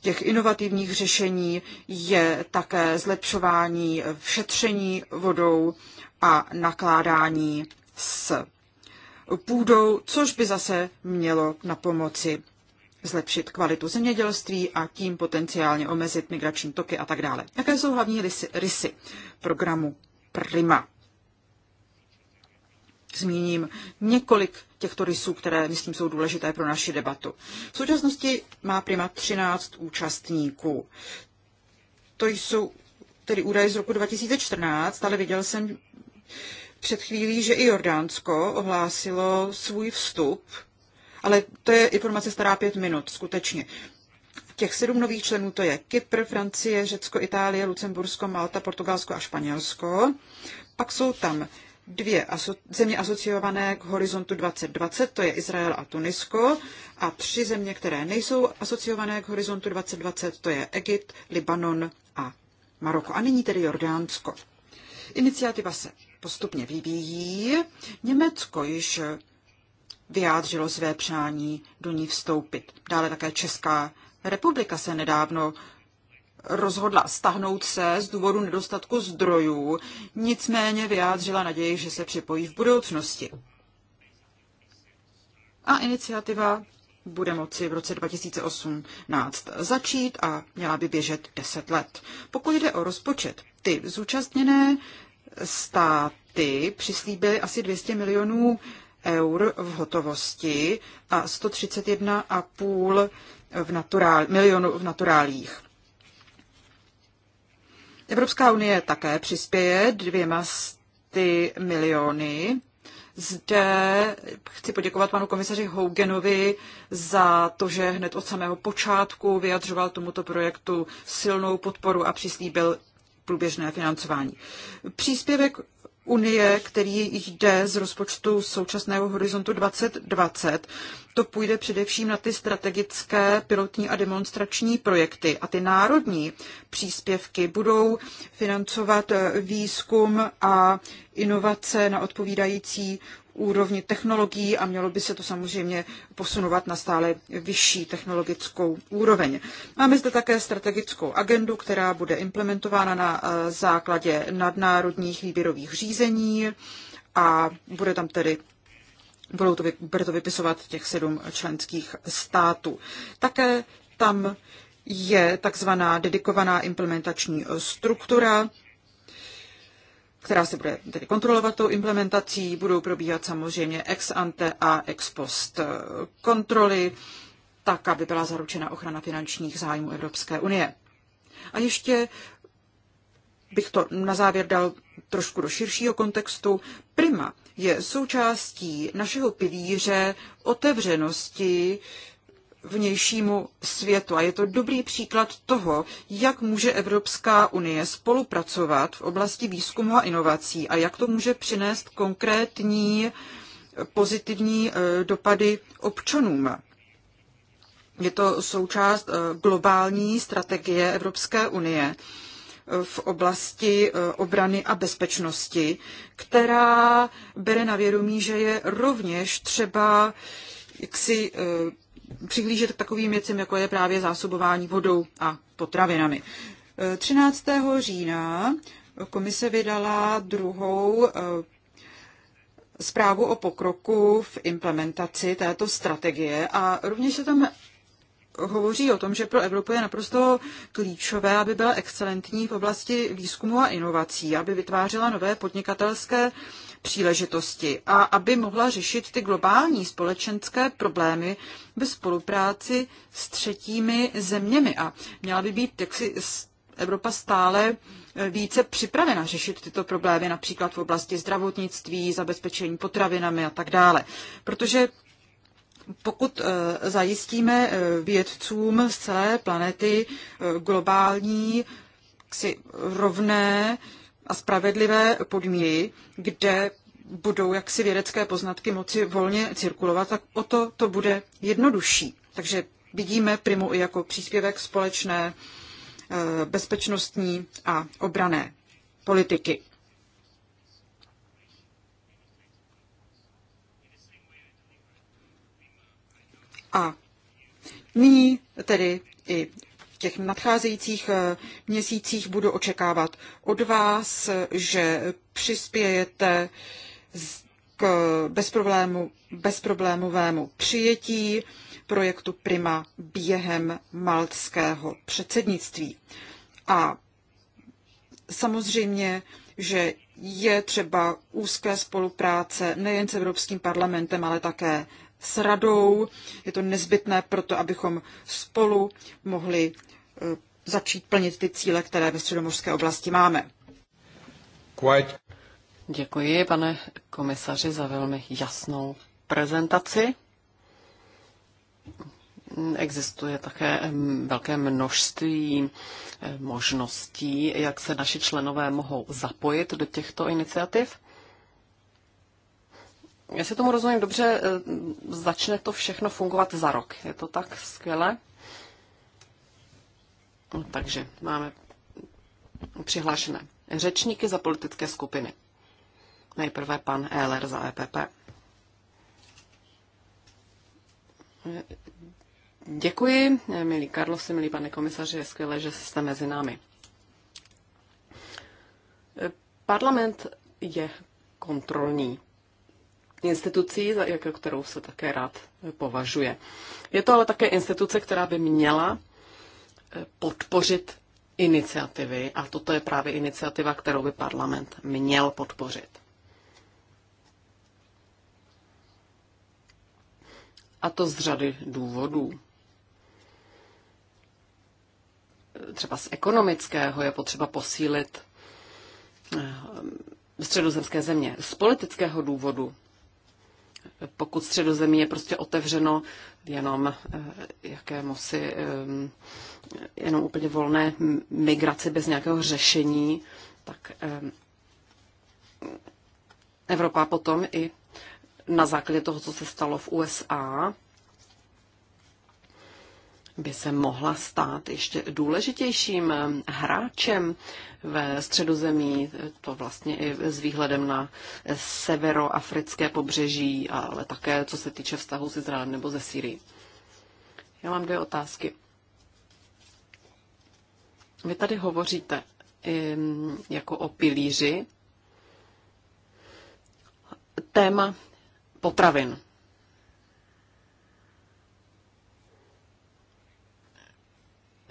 Speaker 3: těch inovativních řešení je také zlepšování šetření vodou a nakládání s půdou, což by zase mělo na pomoci zlepšit kvalitu zemědělství a tím potenciálně omezit migrační toky a tak dále. Jaké jsou hlavní rysy, rysy programu Prima? Zmíním několik těchto rysů, které, myslím, jsou důležité pro naši debatu. V současnosti má Prima 13 účastníků. To jsou tedy údaje z roku 2014, ale viděl jsem před chvílí, že i Jordánsko ohlásilo svůj vstup, ale to je informace stará pět minut, skutečně. Těch sedm nových členů to je Kypr, Francie, Řecko, Itálie, Lucembursko, Malta, Portugalsko a Španělsko. Pak jsou tam dvě země asociované k horizontu 2020, to je Izrael a Tunisko, a tři země, které nejsou asociované k horizontu 2020, to je Egypt, Libanon a Maroko. A nyní tedy Jordánsko. Iniciativa se postupně vyvíjí. Německo již vyjádřilo své přání do ní vstoupit. Dále také Česká republika se nedávno rozhodla stahnout se z důvodu nedostatku zdrojů, nicméně vyjádřila naději, že se připojí v budoucnosti. A iniciativa bude moci v roce 2018 začít a měla by běžet 10 let. Pokud jde o rozpočet, ty zúčastněné státy přislíbily asi 200 milionů eur v hotovosti a 131,5 v naturál, milionů v naturálích. Evropská unie také přispěje dvěma ty miliony. Zde chci poděkovat panu komisaři Hougenovi za to, že hned od samého počátku vyjadřoval tomuto projektu silnou podporu a přislíbil průběžné financování. Příspěvek Unie, který jde z rozpočtu současného horizontu 2020, to půjde především na ty strategické pilotní a demonstrační projekty. A ty národní příspěvky budou financovat eh, výzkum a inovace na odpovídající úrovni technologií a mělo by se to samozřejmě posunovat na stále vyšší technologickou úroveň. Máme zde také strategickou agendu, která bude implementována na eh, základě nadnárodních výběrových řízení a bude tam tedy budou to, bude to vypisovat těch sedm členských států. Také tam je takzvaná dedikovaná implementační struktura, která se bude tedy kontrolovat tou implementací. Budou probíhat samozřejmě ex ante a ex post kontroly, tak, aby byla zaručena ochrana finančních zájmů Evropské unie. A ještě bych to na závěr dal trošku do širšího kontextu. Prima je součástí našeho pilíře otevřenosti vnějšímu světu. A je to dobrý příklad toho, jak může Evropská unie spolupracovat v oblasti výzkumu a inovací a jak to může přinést konkrétní pozitivní eh, dopady občanům. Je to součást eh, globální strategie Evropské unie v oblasti eh, obrany a bezpečnosti, která bere na vědomí, že je rovněž třeba jaksi eh, přihlížet k takovým věcem, jako je právě zásobování vodou a potravinami. 13. Eh, října komise vydala druhou zprávu o pokroku v implementaci této strategie a rovněž se tam hovoří o tom, že pro Evropu je naprosto klíčové, aby byla excelentní v oblasti výzkumu a inovací, aby vytvářela nové podnikatelské příležitosti a aby mohla řešit ty globální společenské problémy ve spolupráci s třetími zeměmi. A měla by být jaksi Evropa stále více připravena řešit tyto problémy, například v oblasti zdravotnictví, zabezpečení potravinami a tak dále. Protože pokud e, zajistíme e, vědcům z celé planety e, globální, si rovné a spravedlivé podmínky, kde budou jaksi vědecké poznatky moci volně cirkulovat, tak o to to bude jednodušší. Takže vidíme Primu i jako příspěvek společné bezpečnostní a obrané politiky. A nyní tedy i v těch nadcházejících eh, měsících budu očekávat od vás, že přispějete k bezproblému, bezproblémovému přijetí projektu Prima během maltského předsednictví. A samozřejmě, že je třeba úzké spolupráce nejen s Evropským parlamentem, ale také s radou. Je to nezbytné proto, abychom spolu mohli e, začít plnit
Speaker 2: ty cíle, které ve středomořské oblasti máme. Quite. Děkuji, pane komisaři, za velmi jasnou prezentaci. Existuje také velké množství možností, jak se naši členové mohou zapojit do těchto iniciativ. Já se tomu rozumím dobře, eh, začne to všechno fungovat za rok. Je to tak skvěle? No, takže máme přihlášené řečníky za politické skupiny. Nejprve pan Ehler za EPP. Děkuji, milí Karlosi, milí pane komisaři, je skvělé, že jste mezi námi. Eh, Parlament je kontrolní institucí, jako kterou se také rád eh, považuje. Je to ale také instituce, která by měla eh, podpořit iniciativy a toto je právě iniciativa, kterou by parlament měl podpořit. A to z řady důvodů. Třeba z ekonomického je potřeba posílit eh, středozemské země. Z politického důvodu pokud středozemí je prostě otevřeno jenom eh, jakému si eh, jenom úplně volné migraci bez nějakého řešení, tak eh, Evropa potom i na základě toho, co se stalo v USA, by se mohla stát ještě důležitějším hráčem ve středozemí, to vlastně i s výhledem na severoafrické pobřeží, ale také co se týče vztahu s Izraelem nebo ze Syrií. Já mám dvě otázky. Vy tady hovoříte jako o pilíři téma potravin.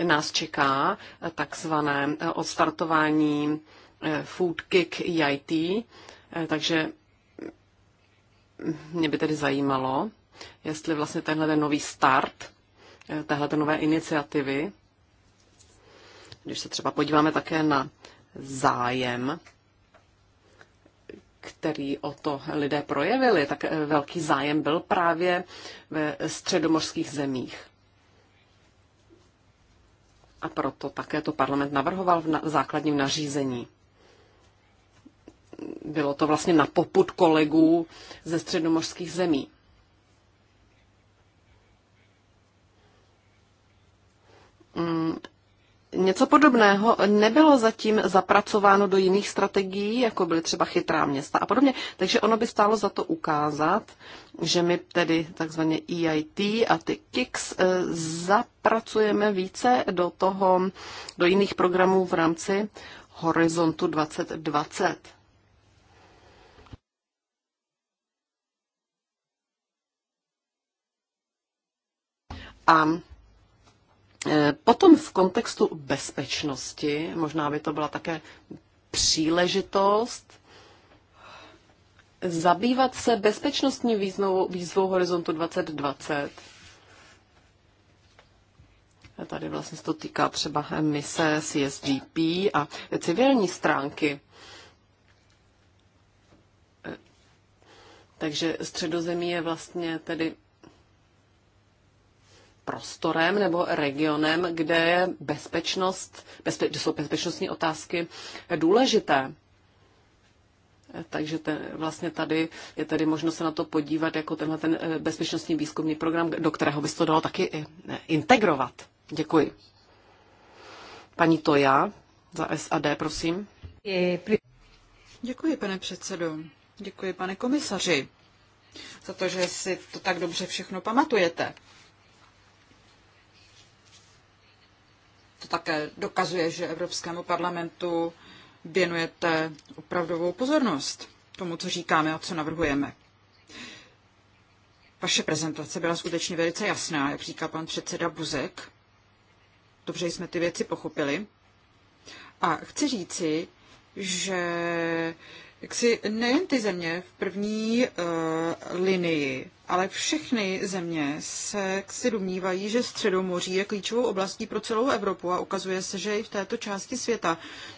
Speaker 2: nás čeká takzvané eh, odstartování eh, Food Kick EIT, eh, takže mm, mě by tedy zajímalo, jestli vlastně tenhle ten nový start, téhle nové iniciativy, když se třeba podíváme také na zájem, který o to lidé projevili, tak velký zájem byl právě ve středomořských zemích a proto také to parlament navrhoval v na- základním nařízení. Bylo to vlastně na poput kolegů ze středomořských zemí. Mm, Něco podobného nebylo zatím zapracováno do jiných strategií, jako byly třeba chytrá města a podobně. Takže ono by stálo za to ukázat, že my tedy takzvaně EIT a ty KICS eh, zapracujeme více do toho, do jiných programů v rámci Horizontu 2020. A Eh, potom v kontextu bezpečnosti, možná by to byla také příležitost zabývat se bezpečnostní výzvou, výzvou Horizontu 2020. Tady vlastně se to týká třeba mise CSGP a civilní stránky. Eh, takže středozemí je vlastně tedy prostorem nebo regionem, kde je bezpečnost, bezpe, kde jsou bezpečnostní otázky důležité. Takže ten, vlastně tady je tady možnost se na to podívat jako tenhle ten eh, bezpečnostní výzkumný program, do kterého by se to dalo taky eh, integrovat. Děkuji. Paní Toja za SAD, prosím.
Speaker 3: Děkuji, pane předsedo. Děkuji, pane komisaři, za to, že si to tak dobře všechno pamatujete. To také dokazuje, že Evropskému parlamentu věnujete opravdovou pozornost tomu, co říkáme a co navrhujeme. Vaše prezentace byla skutečně velice jasná, jak říká pan předseda Buzek. Dobře jsme ty věci pochopili. A chci říci, že jak si nejen ty země v první uh, linii, ale všechny země se si domnívají, že Středomoří je klíčovou oblastí pro celou Evropu a ukazuje se, že i v této části světa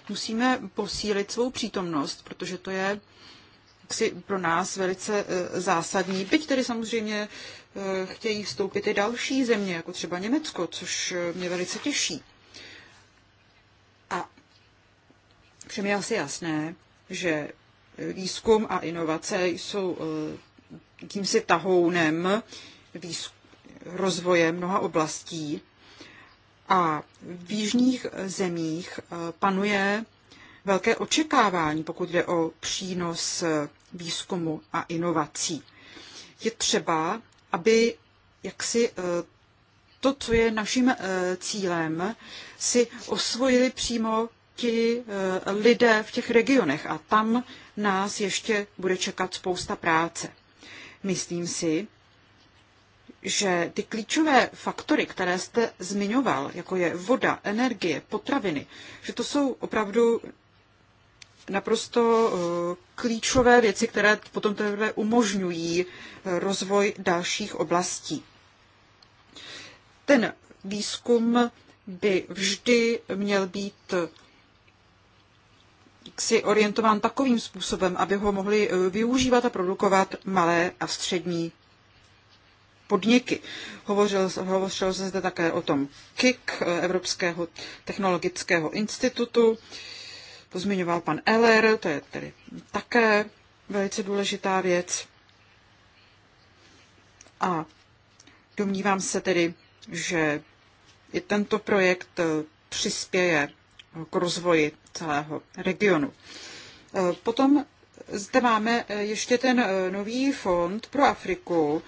Speaker 3: musíme posílit svou přítomnost, protože to je jaksi pro nás velice uh, zásadní. Byť tedy samozřejmě uh, chtějí vstoupit i další země, jako třeba Německo, což mě velice těší. A všem je asi jasné, že výzkum a inovace jsou tím eh, si tahounem rozvoje mnoha oblastí. A v jižních eh, zemích eh, panuje velké očekávání, pokud jde o přínos výzkumu a inovací. Je třeba, aby jaksi to, co je naším cílem, si osvojili přímo ti eh, lidé v těch regionech a tam nás ještě bude čekat spousta práce. Myslím si, že ty klíčové faktory, které jste zmiňoval, jako je voda, energie, potraviny, že to jsou opravdu naprosto eh, klíčové věci, které potom teprve umožňují eh, rozvoj dalších oblastí. Ten výzkum by vždy měl být jaksi orientován takovým způsobem, aby ho mohli eh, využívat a produkovat malé a střední podniky. Hovořil, hovořil se zde také o tom KIK, eh, Evropského technologického institutu, to zmiňoval pan Eller, to je tedy také velice důležitá věc. A domnívám se tedy, že i tento projekt eh, přispěje k rozvoji celého regionu. E, potom zde máme e, ještě ten e, nový fond pro Afriku.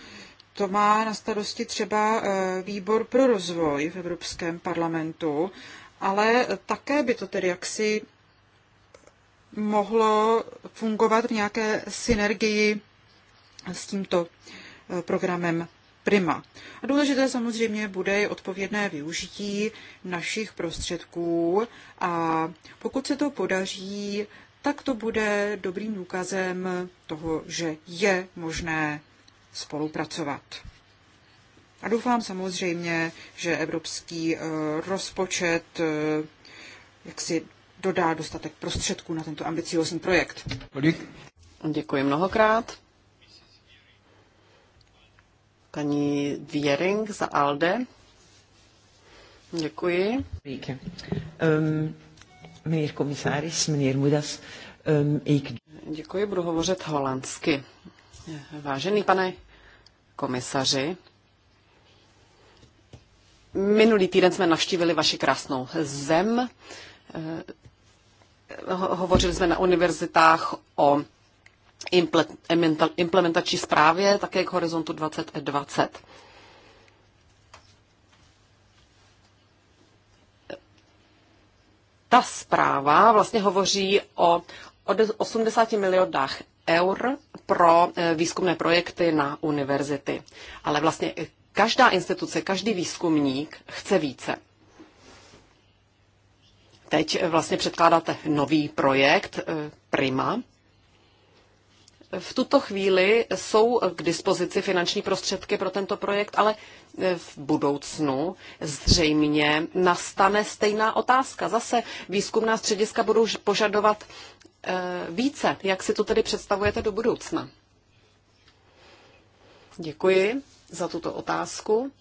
Speaker 3: To má na starosti třeba výbor pro rozvoj v Evropském parlamentu, ale také by to tedy jaksi mohlo fungovat v nějaké synergii s tímto programem prima. A důležité samozřejmě bude odpovědné využití našich prostředků a pokud se to podaří, tak to bude dobrým důkazem toho, že je možné spolupracovat. A doufám samozřejmě, že evropský eh, rozpočet eh,
Speaker 2: jak si dodá dostatek prostředků na tento ambiciózní projekt. Děkuji mnohokrát. Paní Věring za ALDE. Děkuji. Um, meneer komisaris, meneer Mudas, um, ehm, ik... Děkuji, budu hovořit holandsky. Vážený pane komisaři, minulý týden jsme navštívili vaši krásnou zem. Ehm, hovořili jsme na univerzitách o implementační zprávě, také k horizontu 2020. Ta zpráva vlastně hovoří o 80 miliardách eur pro eh, výzkumné projekty na univerzity. Ale vlastně každá instituce, každý výzkumník chce více. Teď vlastně předkládáte nový projekt eh, Prima, v tuto chvíli jsou k dispozici finanční prostředky pro tento projekt, ale e, v budoucnu zřejmě nastane stejná otázka. Zase výzkumná střediska budou požadovat e, více. Jak si to tedy představujete do budoucna? Děkuji za tuto otázku.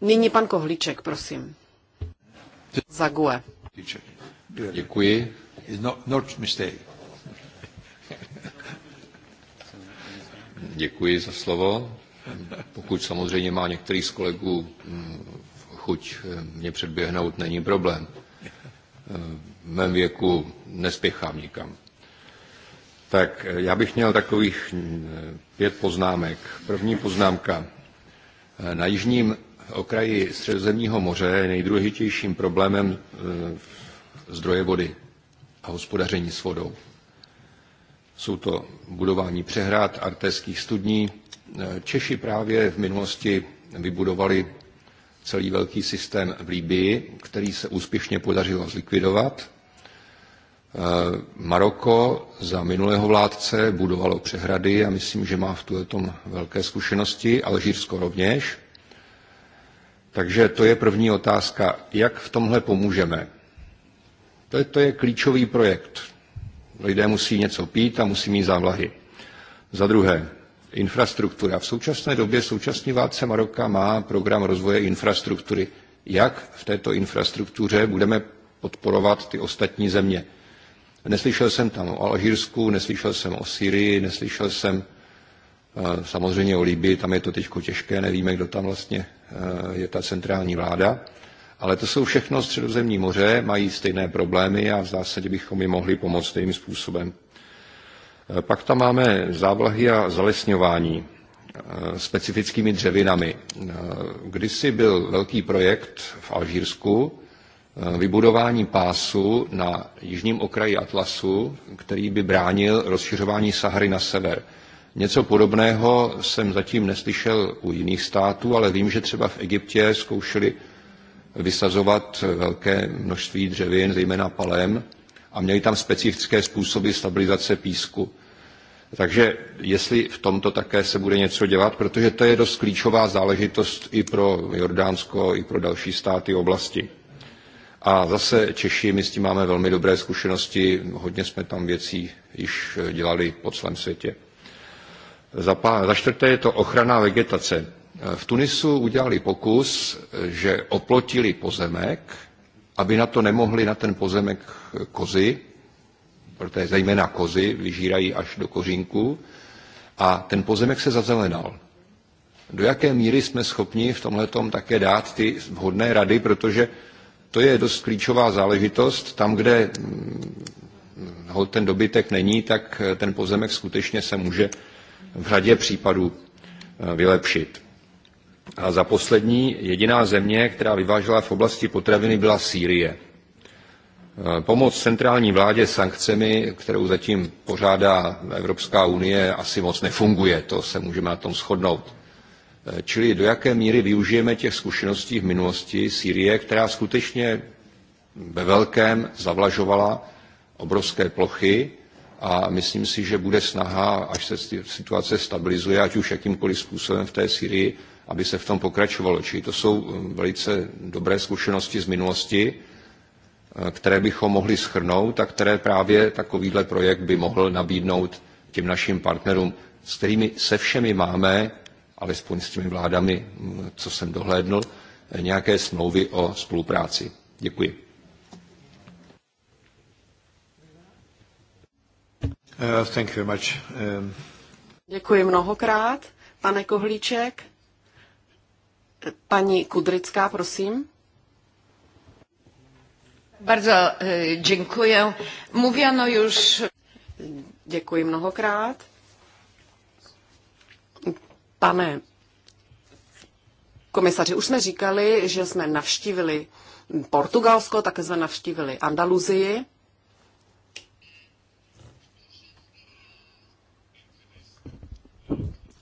Speaker 2: Nyní pan Kohlíček, prosím. Zague.
Speaker 1: Děkuji. Not, not mistake. Děkuji za slovo. Pokud samozřejmě má některý z kolegů mm, chuť eh, mě předběhnout, není problém. Eh, v mém věku nespěchám nikam. Tak eh, já bych měl takových mm, pět poznámek. První poznámka. Na jižním okraji Středozemního moře je nejdůležitějším problémem zdroje vody a hospodaření s vodou. Jsou to budování přehrad, artéských studní. Češi právě v minulosti vybudovali celý velký systém v Líbii, který se úspěšně podařilo zlikvidovat. Eh, Maroko za minulého vládce budovalo přehrady a myslím, že má v tom velké zkušenosti, Alžírsko rovněž. Takže to je první otázka. Jak v tomhle pomůžeme? To je, to je klíčový projekt. Lidé musí něco pít a musí mít závlahy. Za druhé, infrastruktura. V současné době současný vládce Maroka má program rozvoje infrastruktury. Jak v této infrastruktuře budeme podporovat ty ostatní země? Neslyšel jsem tam o Alžírsku, neslyšel jsem o Syrii, neslyšel jsem eh, samozřejmě o Libii, tam je to teď těžké, nevíme, kdo tam vlastně eh, je ta centrální vláda. Ale to jsou všechno středozemní moře, mají stejné problémy a v zásadě bychom jim mohli pomoct stejným způsobem. E, pak tam máme závlahy a zalesňování e, specifickými dřevinami. E, kdysi byl velký projekt v Alžírsku, vybudování pásu na jižním okraji Atlasu, který by bránil rozšiřování Sahary na sever. Něco podobného jsem zatím neslyšel u jiných států, ale vím, že třeba v Egyptě zkoušeli vysazovat velké množství dřevin, zejména palem, a měli tam specifické způsoby stabilizace písku. Takže jestli v tomto také se bude něco dělat, protože to je dost klíčová záležitost i pro Jordánsko, i pro další státy oblasti. A zase Češi, my s tím máme velmi dobré zkušenosti, hodně jsme tam věcí již dělali po celém světě. Za, pá, za čtvrté je to ochrana vegetace. Eh, v Tunisu udělali pokus, eh, že oplotili pozemek, aby na to nemohli na ten pozemek eh, kozy, protože zejména kozy vyžírají až do kořínku, a ten pozemek se zazelenal. Do jaké míry jsme schopni v tomhle také dát ty vhodné rady, protože to je dost klíčová záležitost. Tam, kde mm, ten dobytek není, tak ten pozemek skutečně se může v řadě případů vylepšit. A za poslední, jediná země, která vyvážela v oblasti potraviny, byla Sýrie. E, pomoc centrální vládě sankcemi, kterou zatím pořádá Evropská unie, asi moc nefunguje, to se můžeme na tom shodnout. E, čili do jaké míry využijeme těch zkušeností v minulosti Sýrie, která skutečně ve velkém zavlažovala obrovské plochy a myslím si, že bude snaha, až se situace stabilizuje, ať už jakýmkoliv způsobem v té Sýrii, aby se v tom pokračovalo. Čili to jsou um, velice dobré zkušenosti z minulosti, uh, které bychom mohli schrnout a které právě takovýhle projekt by mohl nabídnout těm našim partnerům, s kterými se všemi máme, alespoň s těmi vládami, um, co jsem dohlédl, nějaké smlouvy o spolupráci. Děkuji. Uh, thank you very much. Um...
Speaker 2: Děkuji mnohokrát, pane Kohlíček. Paní Kudrická, prosím. Bardzo e, dziękuję. Mówiono już... Děkuji mnohokrát. Pane komisaři, už jsme říkali, že jsme navštívili Portugalsko, také jsme navštívili Andaluzii.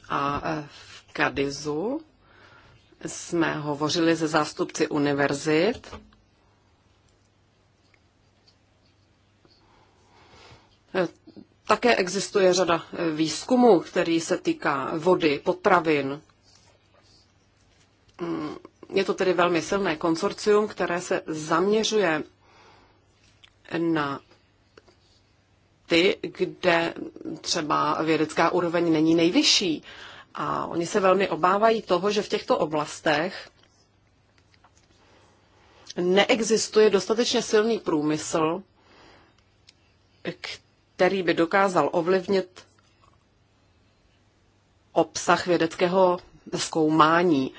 Speaker 2: A e, v Kadizu jsme hovořili se zástupci univerzit. Také existuje řada výzkumů, který se týká vody, potravin. Je to tedy velmi silné konsorcium, které se zaměřuje na ty, kde třeba vědecká úroveň není nejvyšší. A oni se velmi obávají toho, že v těchto oblastech neexistuje dostatečně silný průmysl, který by dokázal ovlivnit obsah vědeckého zkoumání.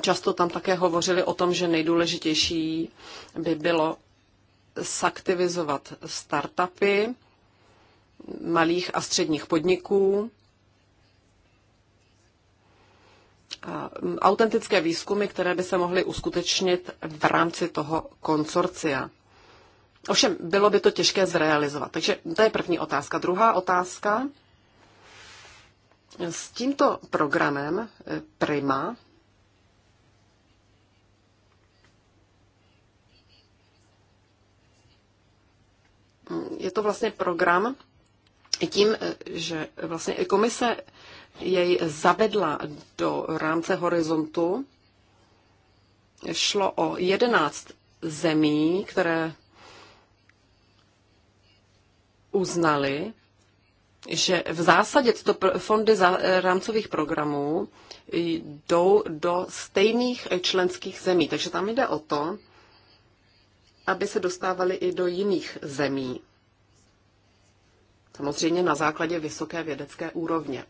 Speaker 2: Často tam také hovořili o tom, že nejdůležitější by bylo saktivizovat startupy, malých a středních podniků. Mm, autentické výzkumy, které by se mohly uskutečnit v rámci toho konsorcia. Ovšem, bylo by to těžké zrealizovat. Takže to je první otázka. Druhá otázka. S tímto programem e, Prima mm, je to vlastně program, tím, eh, že vlastně i komise jej zavedla do rámce horizontu, šlo o 11 zemí, které uznali, že v zásadě tyto fondy za eh, rámcových programů jdou do stejných členských zemí. Takže tam jde o to, aby se dostávali i do jiných zemí. Samozřejmě na základě vysoké vědecké úrovně.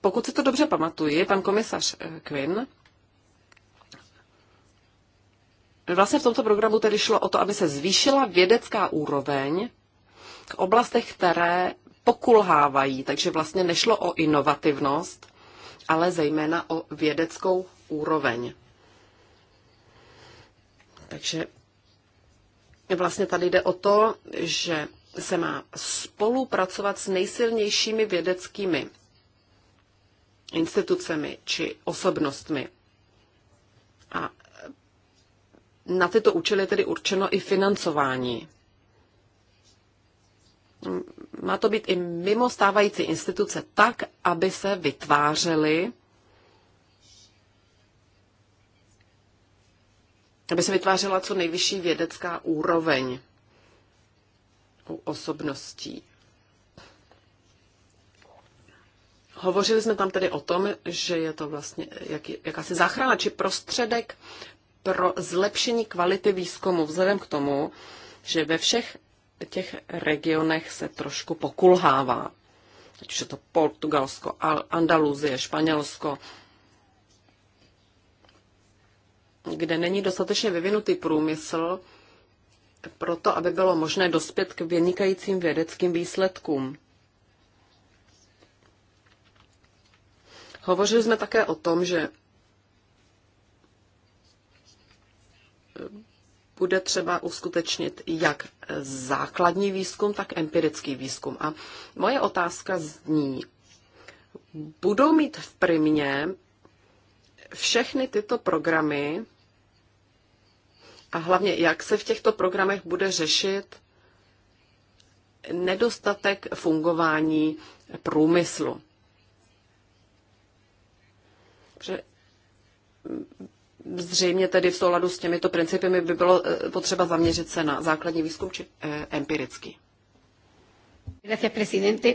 Speaker 2: Pokud si to dobře pamatuji, pan komisař eh, Quinn Vlastně v tomto programu tedy šlo o to, aby se zvýšila vědecká úroveň k oblastech, které pokulhávají, takže vlastně nešlo o inovativnost, ale zejména o vědeckou úroveň. Takže vlastně tady jde o to, že se má spolupracovat s nejsilnějšími vědeckými institucemi či osobnostmi. A na tyto účely je tedy určeno i financování. Má to být i mimo stávající instituce tak, aby se vytvářely aby se vytvářela co nejvyšší vědecká úroveň u osobností. Hovořili jsme tam tedy o tom, že je to vlastně jak, jakási záchrana či prostředek pro zlepšení kvality výzkumu, vzhledem k tomu, že ve všech těch regionech se trošku pokulhává. Ať už je to Portugalsko, Andaluzie, Španělsko, kde není dostatečně vyvinutý průmysl, pro to, aby bylo možné dospět k vynikajícím vědeckým výsledkům. Hovořili jsme také o tom, že bude třeba uskutečnit jak základní výzkum, tak empirický výzkum. A moje otázka zní, budou mít v primě všechny tyto programy a hlavně, jak se v těchto programech bude řešit nedostatek fungování průmyslu. Že zřejmě tedy v souladu s těmito principy by bylo eh, potřeba zaměřit se na základní výzkum či eh, empirický. Gracias, presidente.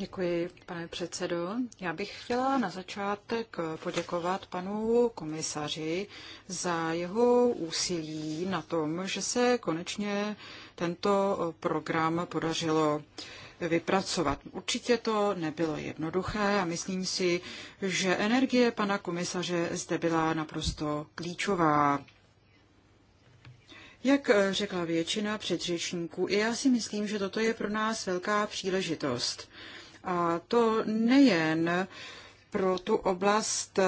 Speaker 2: Děkuji, pane předsedo.
Speaker 3: Já bych chtěla na začátek poděkovat panu komisaři za jeho úsilí na tom, že se konečně tento program podařilo vypracovat. Určitě to nebylo jednoduché a myslím si, že energie pana komisaře zde byla naprosto klíčová. Jak řekla většina předřečníků, i já si myslím, že toto je pro nás velká příležitost. A to nejen pro tu oblast eh,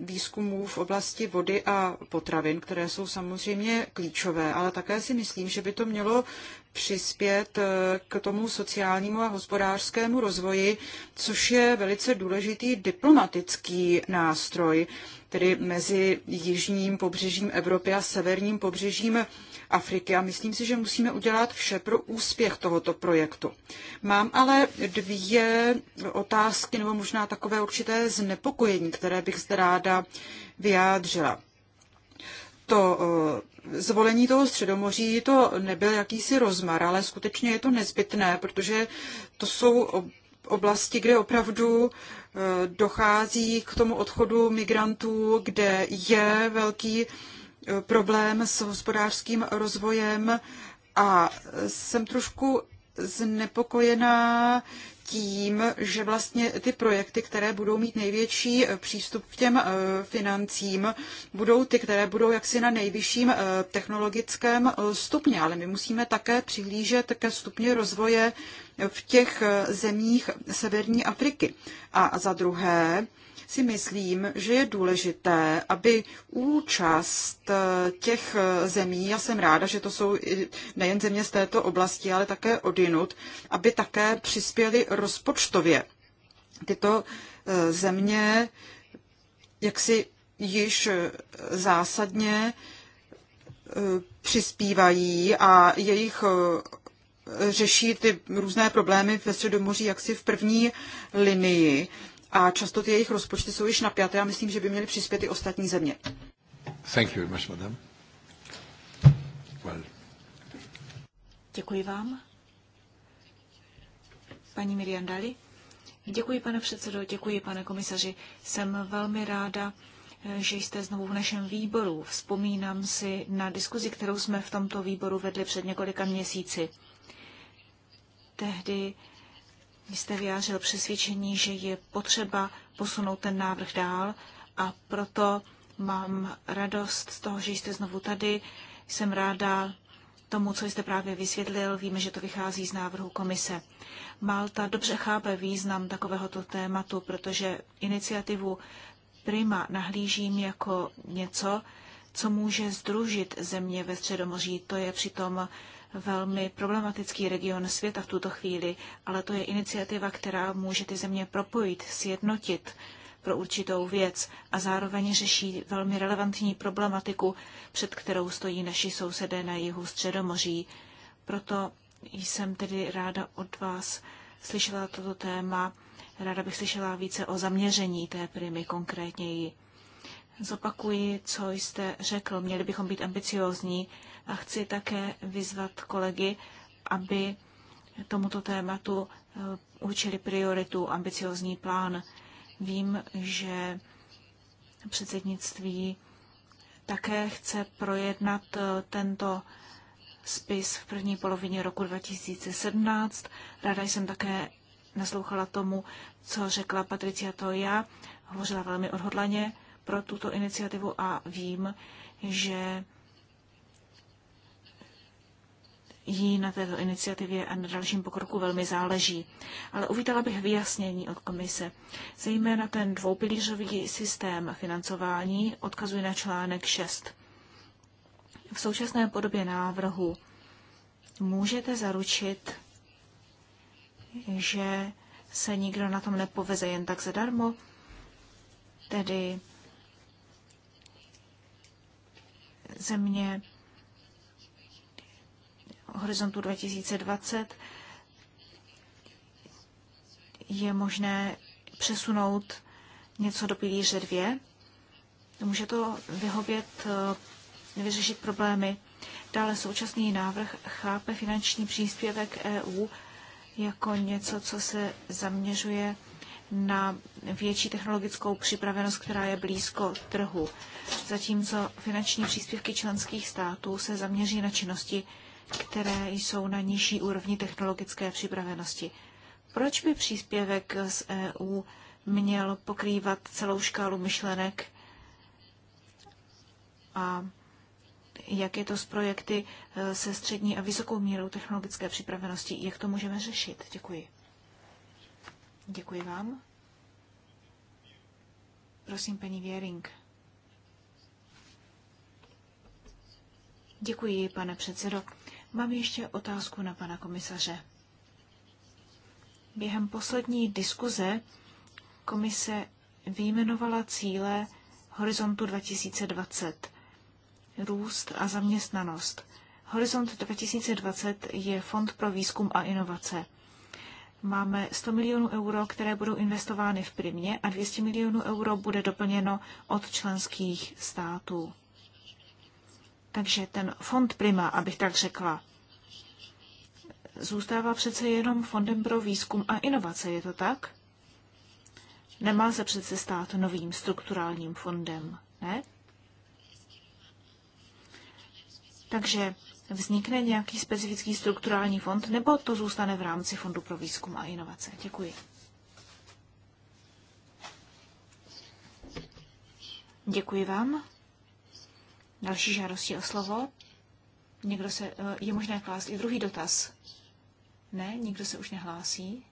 Speaker 3: výzkumů v oblasti vody a potravin, které jsou samozřejmě klíčové, ale také si myslím, že by to mělo přispět eh, k tomu sociálnímu a hospodářskému rozvoji, což je velice důležitý diplomatický nástroj, tedy mezi jižním pobřežím Evropy a severním pobřežím Afriky a myslím si, že musíme udělat vše pro úspěch tohoto projektu. Mám ale dvě otázky nebo možná takové určité znepokojení, které bych zde ráda vyjádřila. To eh, zvolení toho Středomoří to nebyl jakýsi rozmar, ale skutečně je to nezbytné, protože to jsou oblasti, kde opravdu eh, dochází k tomu odchodu migrantů, kde je velký problém s hospodářským rozvojem a jsem trošku znepokojená tím, že vlastně ty projekty, které budou mít největší eh, přístup k těm eh, financím, budou ty, které budou jaksi na nejvyšším eh, technologickém stupni. Ale my musíme také přihlížet ke stupni rozvoje v těch zemích severní Afriky. A za druhé, si myslím, že je důležité, aby účast eh, těch eh, zemí, já jsem ráda, že to jsou nejen země z této oblasti, ale také odinut, aby také přispěly rozpočtově. Tyto eh, země jaksi již zásadně přispívají a jejich řeší ty různé problémy ve Středomoří jaksi v první linii a často ty jejich rozpočty jsou již napjaté a myslím, že by měly přispět i ostatní země.
Speaker 1: Thank you very much, madam. Well.
Speaker 4: Děkuji vám. Paní Dali. Děkuji, pane předsedo, děkuji, pane komisaři. Jsem velmi ráda, že jste znovu v našem výboru. Vzpomínám si na diskuzi, kterou jsme v tomto výboru vedli před několika měsíci. Tehdy jste vyjádřil přesvědčení, že je potřeba posunout ten návrh dál a proto mám radost z toho, že jste znovu tady. Jsem ráda tomu, co jste právě vysvětlil. Víme, že to vychází z návrhu komise. Malta dobře chápe význam takovéhoto tématu, protože iniciativu Prima nahlížím jako něco, co může združit země ve Středomoří. To je přitom velmi problematický region světa v tuto chvíli, ale to je iniciativa, která může ty země propojit, sjednotit pro určitou věc a zároveň řeší velmi relevantní problematiku, před kterou stojí naši sousedé na jihu Středomoří. Proto jsem tedy ráda od vás slyšela toto téma. Ráda bych slyšela více o zaměření té primy konkrétněji. Zopakuji, co jste řekl. Měli bychom být ambiciózní, a chci také vyzvat kolegy, aby tomuto tématu eh, určili prioritu, ambiciozní plán. Vím, že předsednictví také chce projednat eh, tento spis v první polovině roku 2017. Ráda jsem také naslouchala tomu, co řekla Patricia Toja. Hovořila velmi odhodlaně pro tuto iniciativu a vím, že jí na této iniciativě a na dalším pokroku velmi záleží. Ale uvítala bych vyjasnění od komise. Zejména ten dvoupilířový systém financování odkazuje na článek 6. V současné podobě návrhu můžete zaručit, že se nikdo na tom nepoveze jen tak zadarmo, tedy země horizontu 2020 je možné přesunout něco do pilíře 2. Může to vyhovět, eh, vyřešit problémy. Dále současný návrh chápe finanční příspěvek EU jako něco, co se zaměřuje na větší technologickou připravenost, která je blízko trhu, zatímco finanční příspěvky členských států se zaměří na činnosti, které jsou na nižší úrovni technologické připravenosti. Proč by příspěvek z EU měl pokrývat celou škálu myšlenek a jak je to s projekty e, se střední a vysokou mírou technologické připravenosti, jak to můžeme řešit? Děkuji. Děkuji vám. Prosím, paní Věring. Děkuji, pane předsedo. Mám ještě otázku na pana komisaře. Během poslední diskuze komise vyjmenovala cíle Horizontu 2020, růst a zaměstnanost. Horizont 2020 je fond pro výzkum a inovace. Máme 100 milionů euro, které budou investovány v Primě a 200 milionů euro bude doplněno od členských států. Takže ten fond Prima, abych tak řekla, zůstává přece jenom fondem pro výzkum a inovace, je to tak? Nemá se přece stát novým strukturálním fondem, ne? Takže vznikne nějaký specifický strukturální fond, nebo to zůstane v rámci Fondu pro výzkum a inovace? Děkuji. Děkuji vám další žádosti o slovo? Někdo se, eh, je možné klást i druhý dotaz? Ne, nikdo se už nehlásí.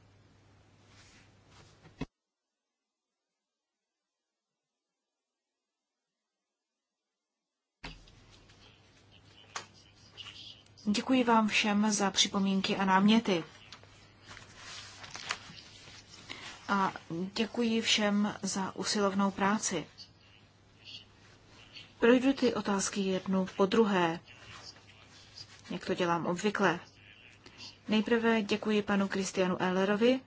Speaker 4: Děkuji vám všem za připomínky a náměty. A děkuji všem za usilovnou práci. Projdu ty otázky jednu po druhé, jak to dělám obvykle. Nejprve děkuji panu Kristianu Ellerovi,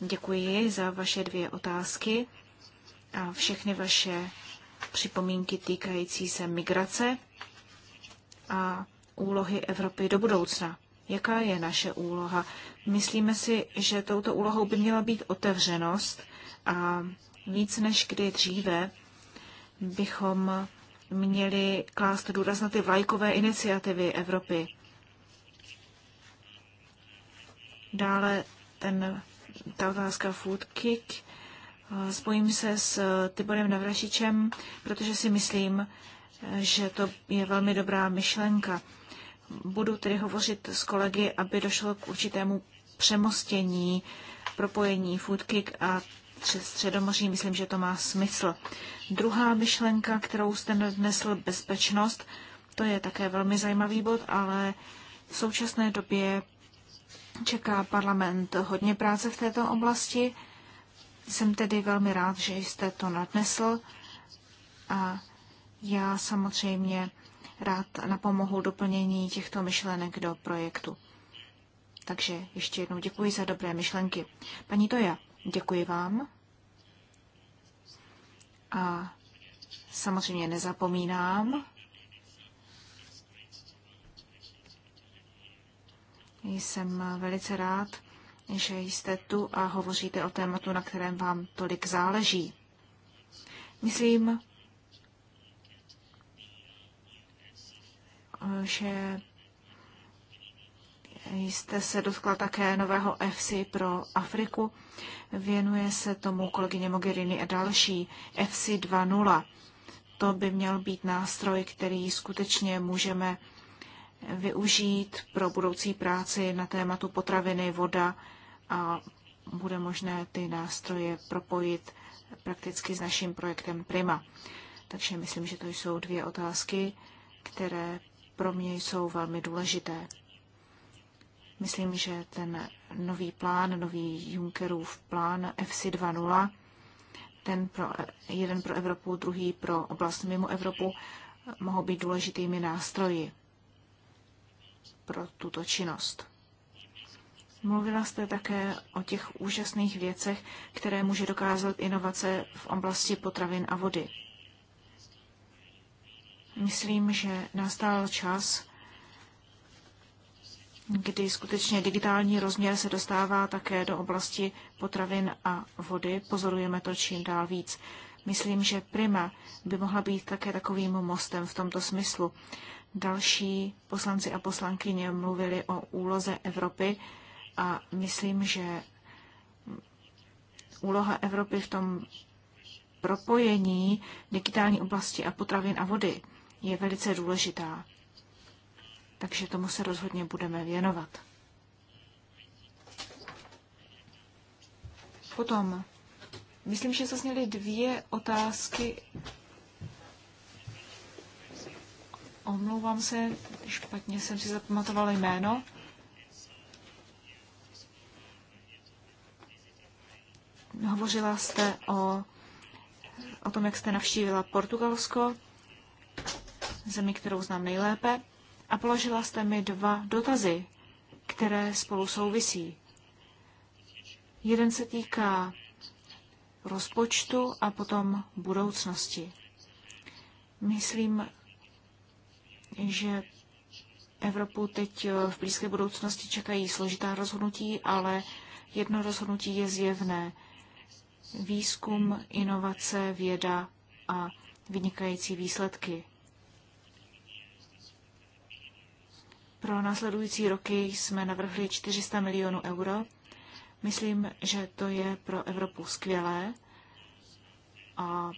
Speaker 4: děkuji za vaše dvě otázky a všechny vaše připomínky týkající se migrace a úlohy Evropy do budoucna. Jaká je naše úloha? Myslíme si, že touto úlohou by měla být otevřenost a víc než kdy dříve bychom měli klást důraz na ty vlajkové iniciativy Evropy. Dále ten, ta otázka food kick. Spojím se s eh, Tiborem Navrašičem, protože si myslím, eh, že to je velmi dobrá myšlenka. Budu tedy hovořit s kolegy, aby došlo k určitému přemostění propojení food kick a středomoří, myslím, že to má smysl. Druhá myšlenka, kterou jste nadnesl, bezpečnost, to je také velmi zajímavý bod, ale v současné době čeká parlament hodně práce v této oblasti. Jsem tedy velmi rád, že jste to nadnesl a já samozřejmě rád napomohu doplnění těchto myšlenek do projektu. Takže ještě jednou děkuji za dobré myšlenky. Paní Toja, Děkuji vám. A samozřejmě nezapomínám, Jsem velice rád, že jste tu a hovoříte o tématu, na kterém vám tolik záleží. Myslím, že jste se dotkla také nového FC pro Afriku. Věnuje se tomu kolegyně Mogherini a další. FC 2.0. To by měl být nástroj, který skutečně můžeme využít pro budoucí práci na tématu potraviny, voda a bude možné ty nástroje propojit prakticky s naším projektem Prima. Takže myslím, že to jsou dvě otázky, které pro mě jsou velmi důležité. Myslím, že ten nový plán, nový Junckerův plán FC 2.0, ten pro, jeden pro Evropu, druhý pro oblast mimo Evropu, mohou být důležitými nástroji pro tuto činnost. Mluvila jste také o těch úžasných věcech, které může dokázat inovace v oblasti potravin a vody. Myslím, že nastal čas, kdy skutečně digitální rozměr se dostává také do oblasti potravin a vody. Pozorujeme to čím dál víc. Myslím, že Prima by mohla být také takovým mostem v tomto smyslu. Další poslanci a poslankyně mluvili o úloze Evropy a myslím, že úloha Evropy v tom propojení digitální oblasti a potravin a vody je velice důležitá takže tomu se rozhodně budeme věnovat. Potom, myslím, že zazněly dvě otázky. Omlouvám se, špatně jsem si zapamatovala jméno. Hovořila jste o, o tom, jak jste navštívila Portugalsko, zemi, kterou znám nejlépe a položila jste mi dva dotazy, které spolu souvisí. Jeden se týká rozpočtu a potom budoucnosti. Myslím, že Evropu teď eh, v blízké budoucnosti čekají složitá rozhodnutí, ale jedno rozhodnutí je zjevné. Výzkum, inovace, věda a vynikající výsledky. Pro následující roky jsme navrhli 400 milionů euro. Myslím, že to je pro Evropu skvělé a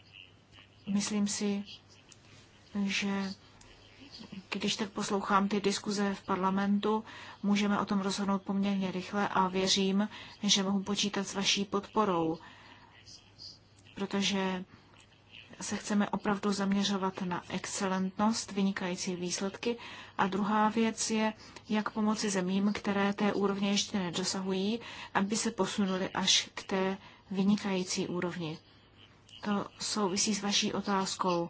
Speaker 4: myslím si, že když tak poslouchám ty diskuze v parlamentu, můžeme o tom rozhodnout poměrně rychle a věřím, že mohu počítat s vaší podporou, protože se chceme opravdu zaměřovat na excelentnost, vynikající výsledky. A druhá věc je, jak pomoci zemím, které té úrovně ještě nedosahují, aby se posunuli až k té vynikající úrovni. To souvisí s vaší otázkou.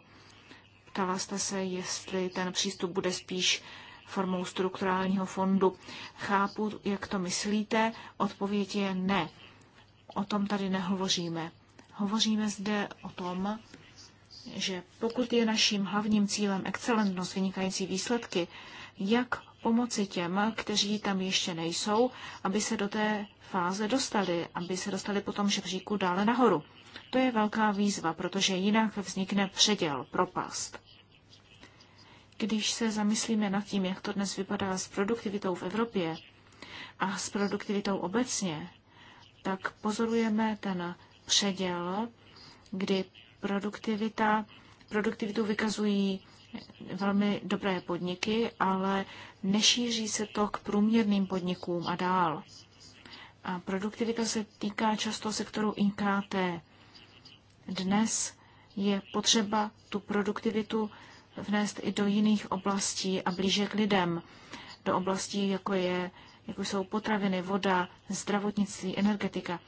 Speaker 4: Ptala jste se, jestli ten přístup bude spíš formou strukturálního fondu. Chápu, jak to myslíte. Odpověď je ne. O tom tady nehovoříme. Hovoříme zde o tom, že pokud je naším hlavním cílem excelentnost, vynikající výsledky, jak pomoci těm, kteří tam ještě nejsou, aby se do té fáze dostali, aby se dostali po tom žebříku dále nahoru. To je velká výzva, protože jinak vznikne předěl, propast. Když se zamyslíme nad tím, jak to dnes vypadá s produktivitou v Evropě a s produktivitou obecně, tak pozorujeme ten předěl, kdy Produktivita, produktivitu vykazují velmi dobré podniky, ale nešíří se to k průměrným podnikům a dál. A produktivita se týká často sektoru IKT. Dnes je potřeba tu produktivitu vnést i do jiných oblastí a blíže k lidem, do oblastí, jako je jako jsou potraviny, voda, zdravotnictví, energetika.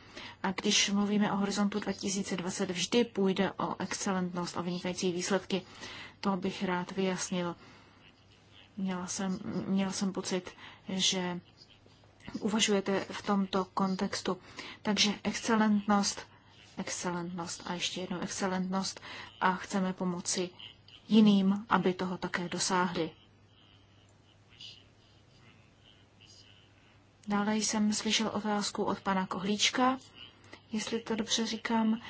Speaker 4: A když mluvíme o horizontu 2020, vždy půjde o excelentnost, a vynikající výsledky. To bych rád vyjasnil. Měla jsem, měla jsem pocit, že uvažujete v tomto kontextu. Takže excelentnost, excelentnost a ještě jednou excelentnost a chceme pomoci jiným, aby toho také dosáhli. Dále jsem slyšel otázku od pana Kohlíčka, jestli to dobře říkám.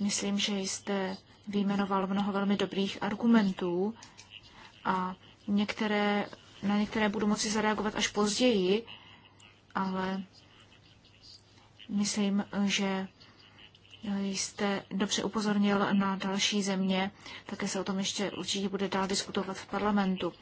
Speaker 4: Myslím, že jste vyjmenoval mnoho velmi dobrých argumentů a některé, na některé budu moci zareagovat až později, ale myslím, že jste dobře upozornil na další země, také se o tom ještě určitě bude dál diskutovat v parlamentu.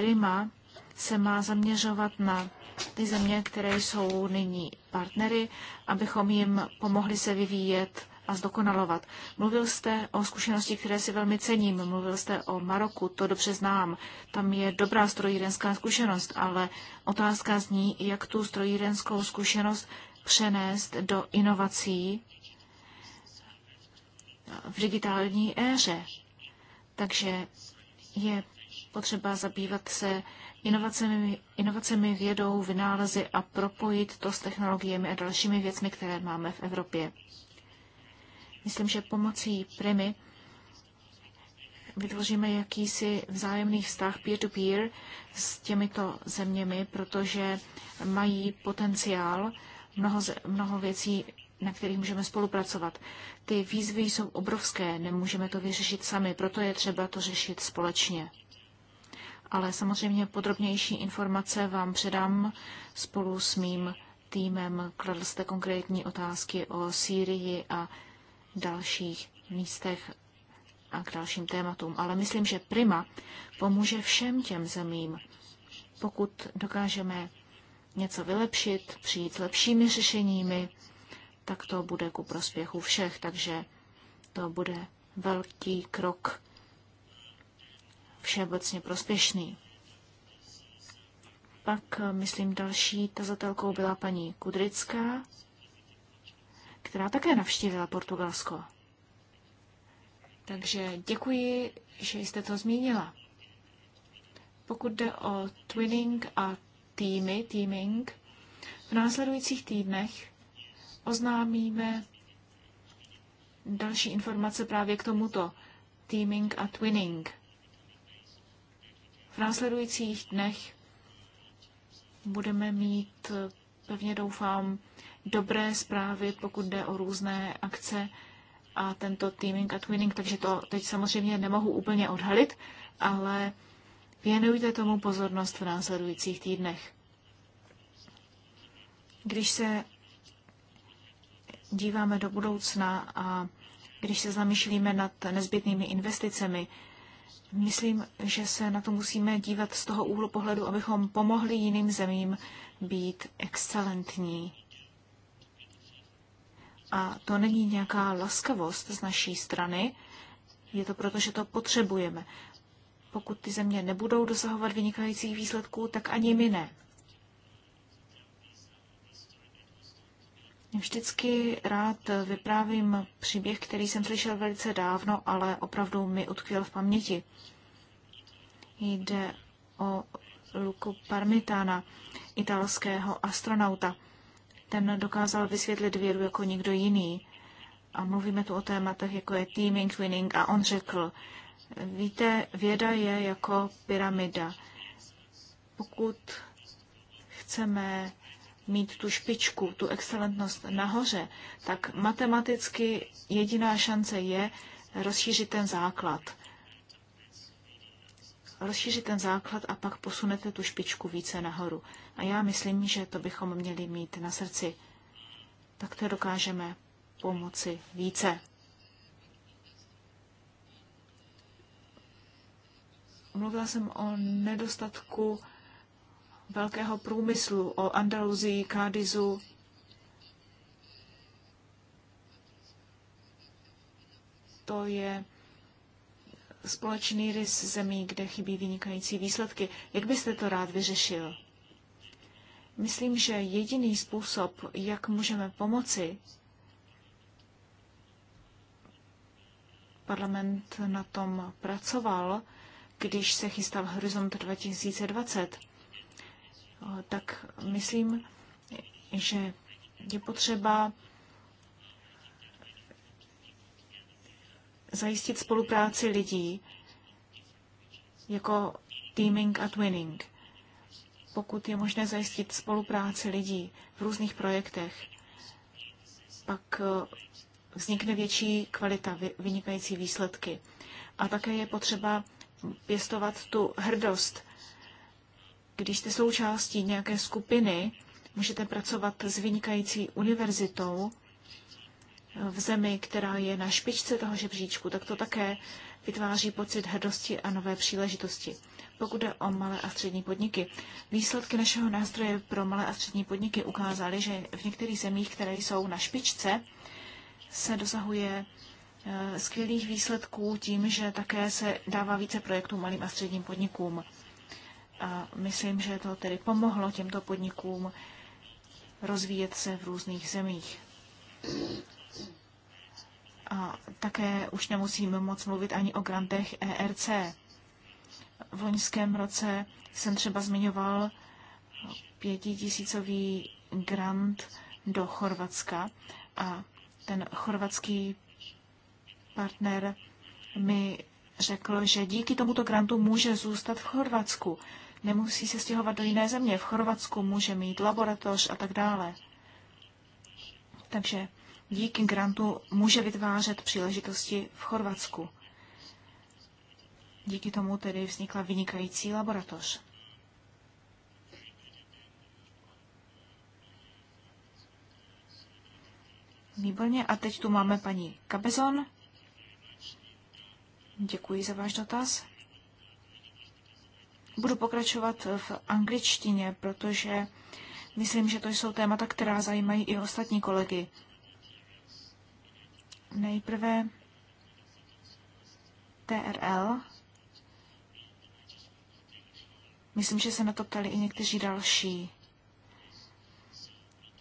Speaker 4: Prima se má zaměřovat na ty země, které jsou nyní partnery, abychom jim pomohli se vyvíjet a zdokonalovat. Mluvil jste o zkušenosti, které si velmi cením. Mluvil jste o Maroku, to dobře znám. Tam je dobrá strojírenská zkušenost, ale otázka zní, jak tu strojírenskou zkušenost přenést do inovací v digitální éře. Takže je potřeba zabývat se inovacemi, inovacemi vědou, vynálezy a propojit to s technologiemi a dalšími věcmi, které máme v Evropě. Myslím, že pomocí Primy vytvoříme jakýsi vzájemný vztah peer-to-peer -peer s těmito zeměmi, protože mají potenciál mnoho, mnoho věcí, na kterých můžeme spolupracovat. Ty výzvy jsou obrovské, nemůžeme to vyřešit sami, proto je třeba to řešit společně ale samozřejmě podrobnější informace vám předám spolu s mým týmem. Kladl jste konkrétní otázky o Sýrii a dalších místech a k dalším tématům, ale myslím, že Prima pomůže všem těm zemím, pokud dokážeme něco vylepšit, přijít s lepšími řešeními, tak to bude ku prospěchu všech, takže to bude velký krok všeobecně prospěšný. Pak, eh, myslím, další tazatelkou byla paní Kudrická, která také navštívila Portugalsko. Takže děkuji, že jste to zmínila. Pokud jde o twinning a týmy, teaming, v následujících týdnech oznámíme další informace právě k tomuto teaming a twinning. V následujících dnech budeme mít, eh, pevně doufám, dobré zprávy, pokud jde o různé akce a tento teaming a twinning, takže to teď samozřejmě nemohu úplně odhalit, ale věnujte tomu pozornost v následujících týdnech. Když se díváme do budoucna a když se zamýšlíme nad nezbytnými investicemi, Myslím, že se na to musíme dívat z toho úhlu pohledu, abychom pomohli jiným zemím být excelentní. A to není nějaká laskavost z naší strany, je to proto, že to potřebujeme. Pokud ty země nebudou dosahovat vynikajících výsledků, tak ani my ne. Vždycky rád vyprávím příběh, který jsem slyšel velice dávno, ale opravdu mi utkvěl v paměti. Jde o Luku Parmitana, italského astronauta. Ten dokázal vysvětlit věru jako nikdo jiný. A mluvíme tu o tématech, jako je teaming, winning. A on řekl, víte, věda je jako pyramida. Pokud chceme mít tu špičku, tu excelentnost nahoře, tak matematicky jediná šance je rozšířit ten základ. Rozšířit ten základ a pak posunete tu špičku více nahoru. A já myslím, že to bychom měli mít na srdci. Tak to dokážeme pomoci více. Mluvila jsem o nedostatku velkého průmyslu, o Andaluzii, Kádizu. To je společný rys zemí, kde chybí vynikající výsledky. Jak byste to rád vyřešil? Myslím, že jediný způsob, jak můžeme pomoci, parlament na tom pracoval, když se chystal Horizont 2020. Eh, tak myslím, že je potřeba zajistit spolupráci lidí jako teaming a twinning. Pokud je možné zajistit spolupráci lidí v různých projektech, pak eh, vznikne větší kvalita, vynikající výsledky. A také je potřeba pěstovat tu hrdost když jste součástí nějaké skupiny, můžete pracovat s vynikající univerzitou eh, v zemi, která je na špičce toho žebříčku, tak to také vytváří pocit hrdosti a nové příležitosti. Pokud jde o malé a střední podniky, výsledky našeho nástroje pro malé a střední podniky ukázaly, že v některých zemích, které jsou na špičce, se dosahuje eh, skvělých výsledků tím, že také se dává více projektů malým a středním podnikům. A myslím, že to tedy pomohlo těmto podnikům rozvíjet se v různých zemích. A také už nemusím moc mluvit ani o grantech ERC. V loňském roce jsem třeba zmiňoval pětitisícový grant do Chorvatska a ten chorvatský partner mi řekl, že díky tomuto grantu může zůstat v Chorvatsku nemusí se stěhovat do jiné země. V Chorvatsku může mít laboratoř a tak dále. Takže díky grantu může vytvářet příležitosti v Chorvatsku. Díky tomu tedy vznikla vynikající laboratoř. Výborně. A teď tu máme paní Kabezon. Děkuji za váš dotaz. Budu pokračovat v angličtině, protože myslím, že to jsou témata, která zajímají i ostatní kolegy. Nejprve TRL. Myslím, že se na to ptali i někteří další.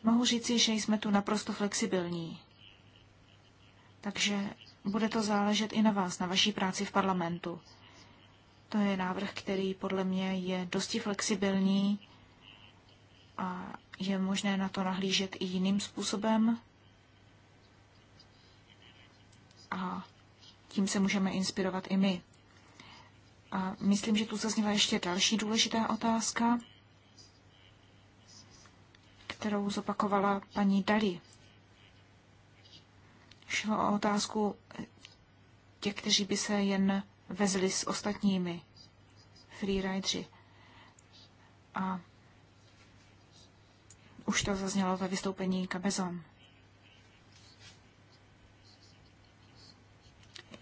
Speaker 4: Mohu říci, že jsme tu naprosto flexibilní. Takže bude to záležet i na vás, na vaší práci v parlamentu. To je návrh, který podle mě je dosti flexibilní a je možné na to nahlížet i jiným způsobem. A tím se můžeme inspirovat i my. A myslím, že tu zazněla ještě další důležitá otázka, kterou zopakovala paní Dali. Šlo o otázku eh, těch, kteří by se jen vezli s ostatními freerideři A už to zaznělo ve vystoupení Kabezon.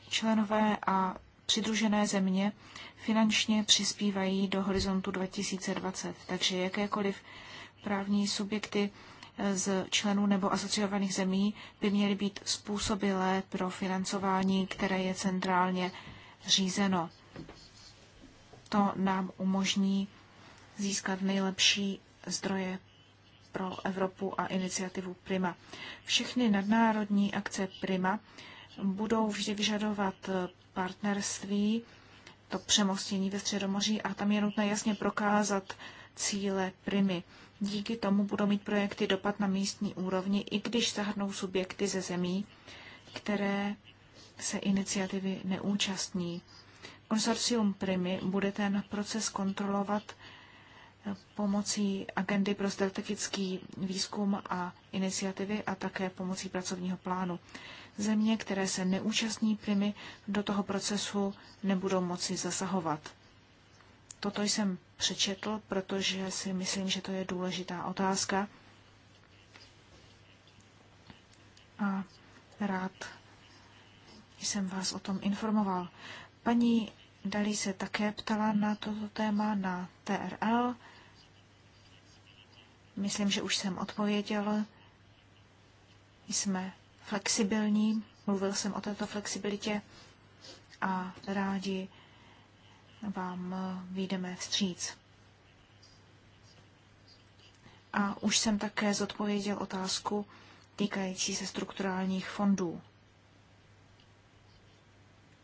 Speaker 4: Členové a přidružené země finančně přispívají do horizontu 2020, takže jakékoliv právní subjekty eh, z členů nebo asociovaných zemí by měly být způsobilé pro financování, které je centrálně řízeno. To nám umožní získat nejlepší zdroje pro Evropu a iniciativu Prima. Všechny nadnárodní akce Prima budou vždy vyžadovat partnerství, to přemostění ve Středomoří a tam je nutné jasně prokázat cíle Primy. Díky tomu budou mít projekty dopad na místní úrovni, i když zahrnou subjekty ze zemí, které se iniciativy neúčastní. Konsorcium Primy bude ten proces kontrolovat eh, pomocí agendy pro strategický výzkum a iniciativy a také pomocí pracovního plánu. Země, které se neúčastní Primy, do toho procesu nebudou moci zasahovat. Toto jsem přečetl, protože si myslím, že to je důležitá otázka. A rád jsem vás o tom informoval. Paní Dalí se také ptala na toto téma na TRL. Myslím, že už jsem odpověděl. Jsme flexibilní, mluvil jsem o této flexibilitě a rádi vám vyjdeme vstříc. A už jsem také zodpověděl otázku týkající se strukturálních fondů.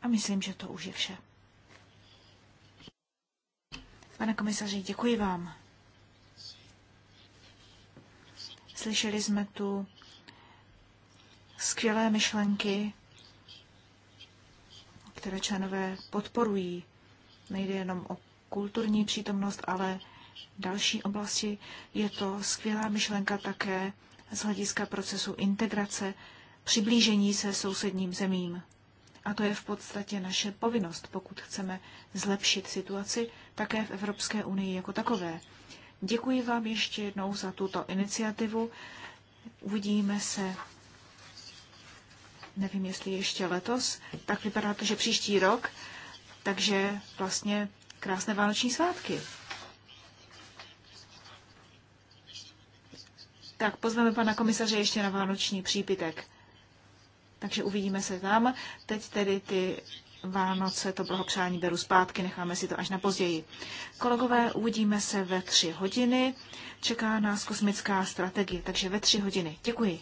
Speaker 4: A myslím, že to už je vše. Pane komisaři, děkuji vám. Slyšeli jsme tu skvělé myšlenky, které členové podporují. Nejde jenom o kulturní přítomnost, ale další oblasti. Je to skvělá myšlenka také z hlediska procesu integrace, přiblížení se sousedním zemím. A to je v podstatě naše povinnost, pokud chceme zlepšit situaci také v Evropské unii jako takové. Děkuji vám ještě jednou za tuto iniciativu. Uvidíme se, nevím, jestli ještě letos, tak vypadá to, že příští rok, takže vlastně krásné vánoční svátky. Tak pozveme pana komisaře ještě na vánoční přípitek. Takže uvidíme se tam. Teď tedy ty Vánoce, to blahopřání beru zpátky, necháme si to až na později. Kolegové, uvidíme se ve tři hodiny. Čeká nás kosmická strategie, takže ve tři hodiny. Děkuji.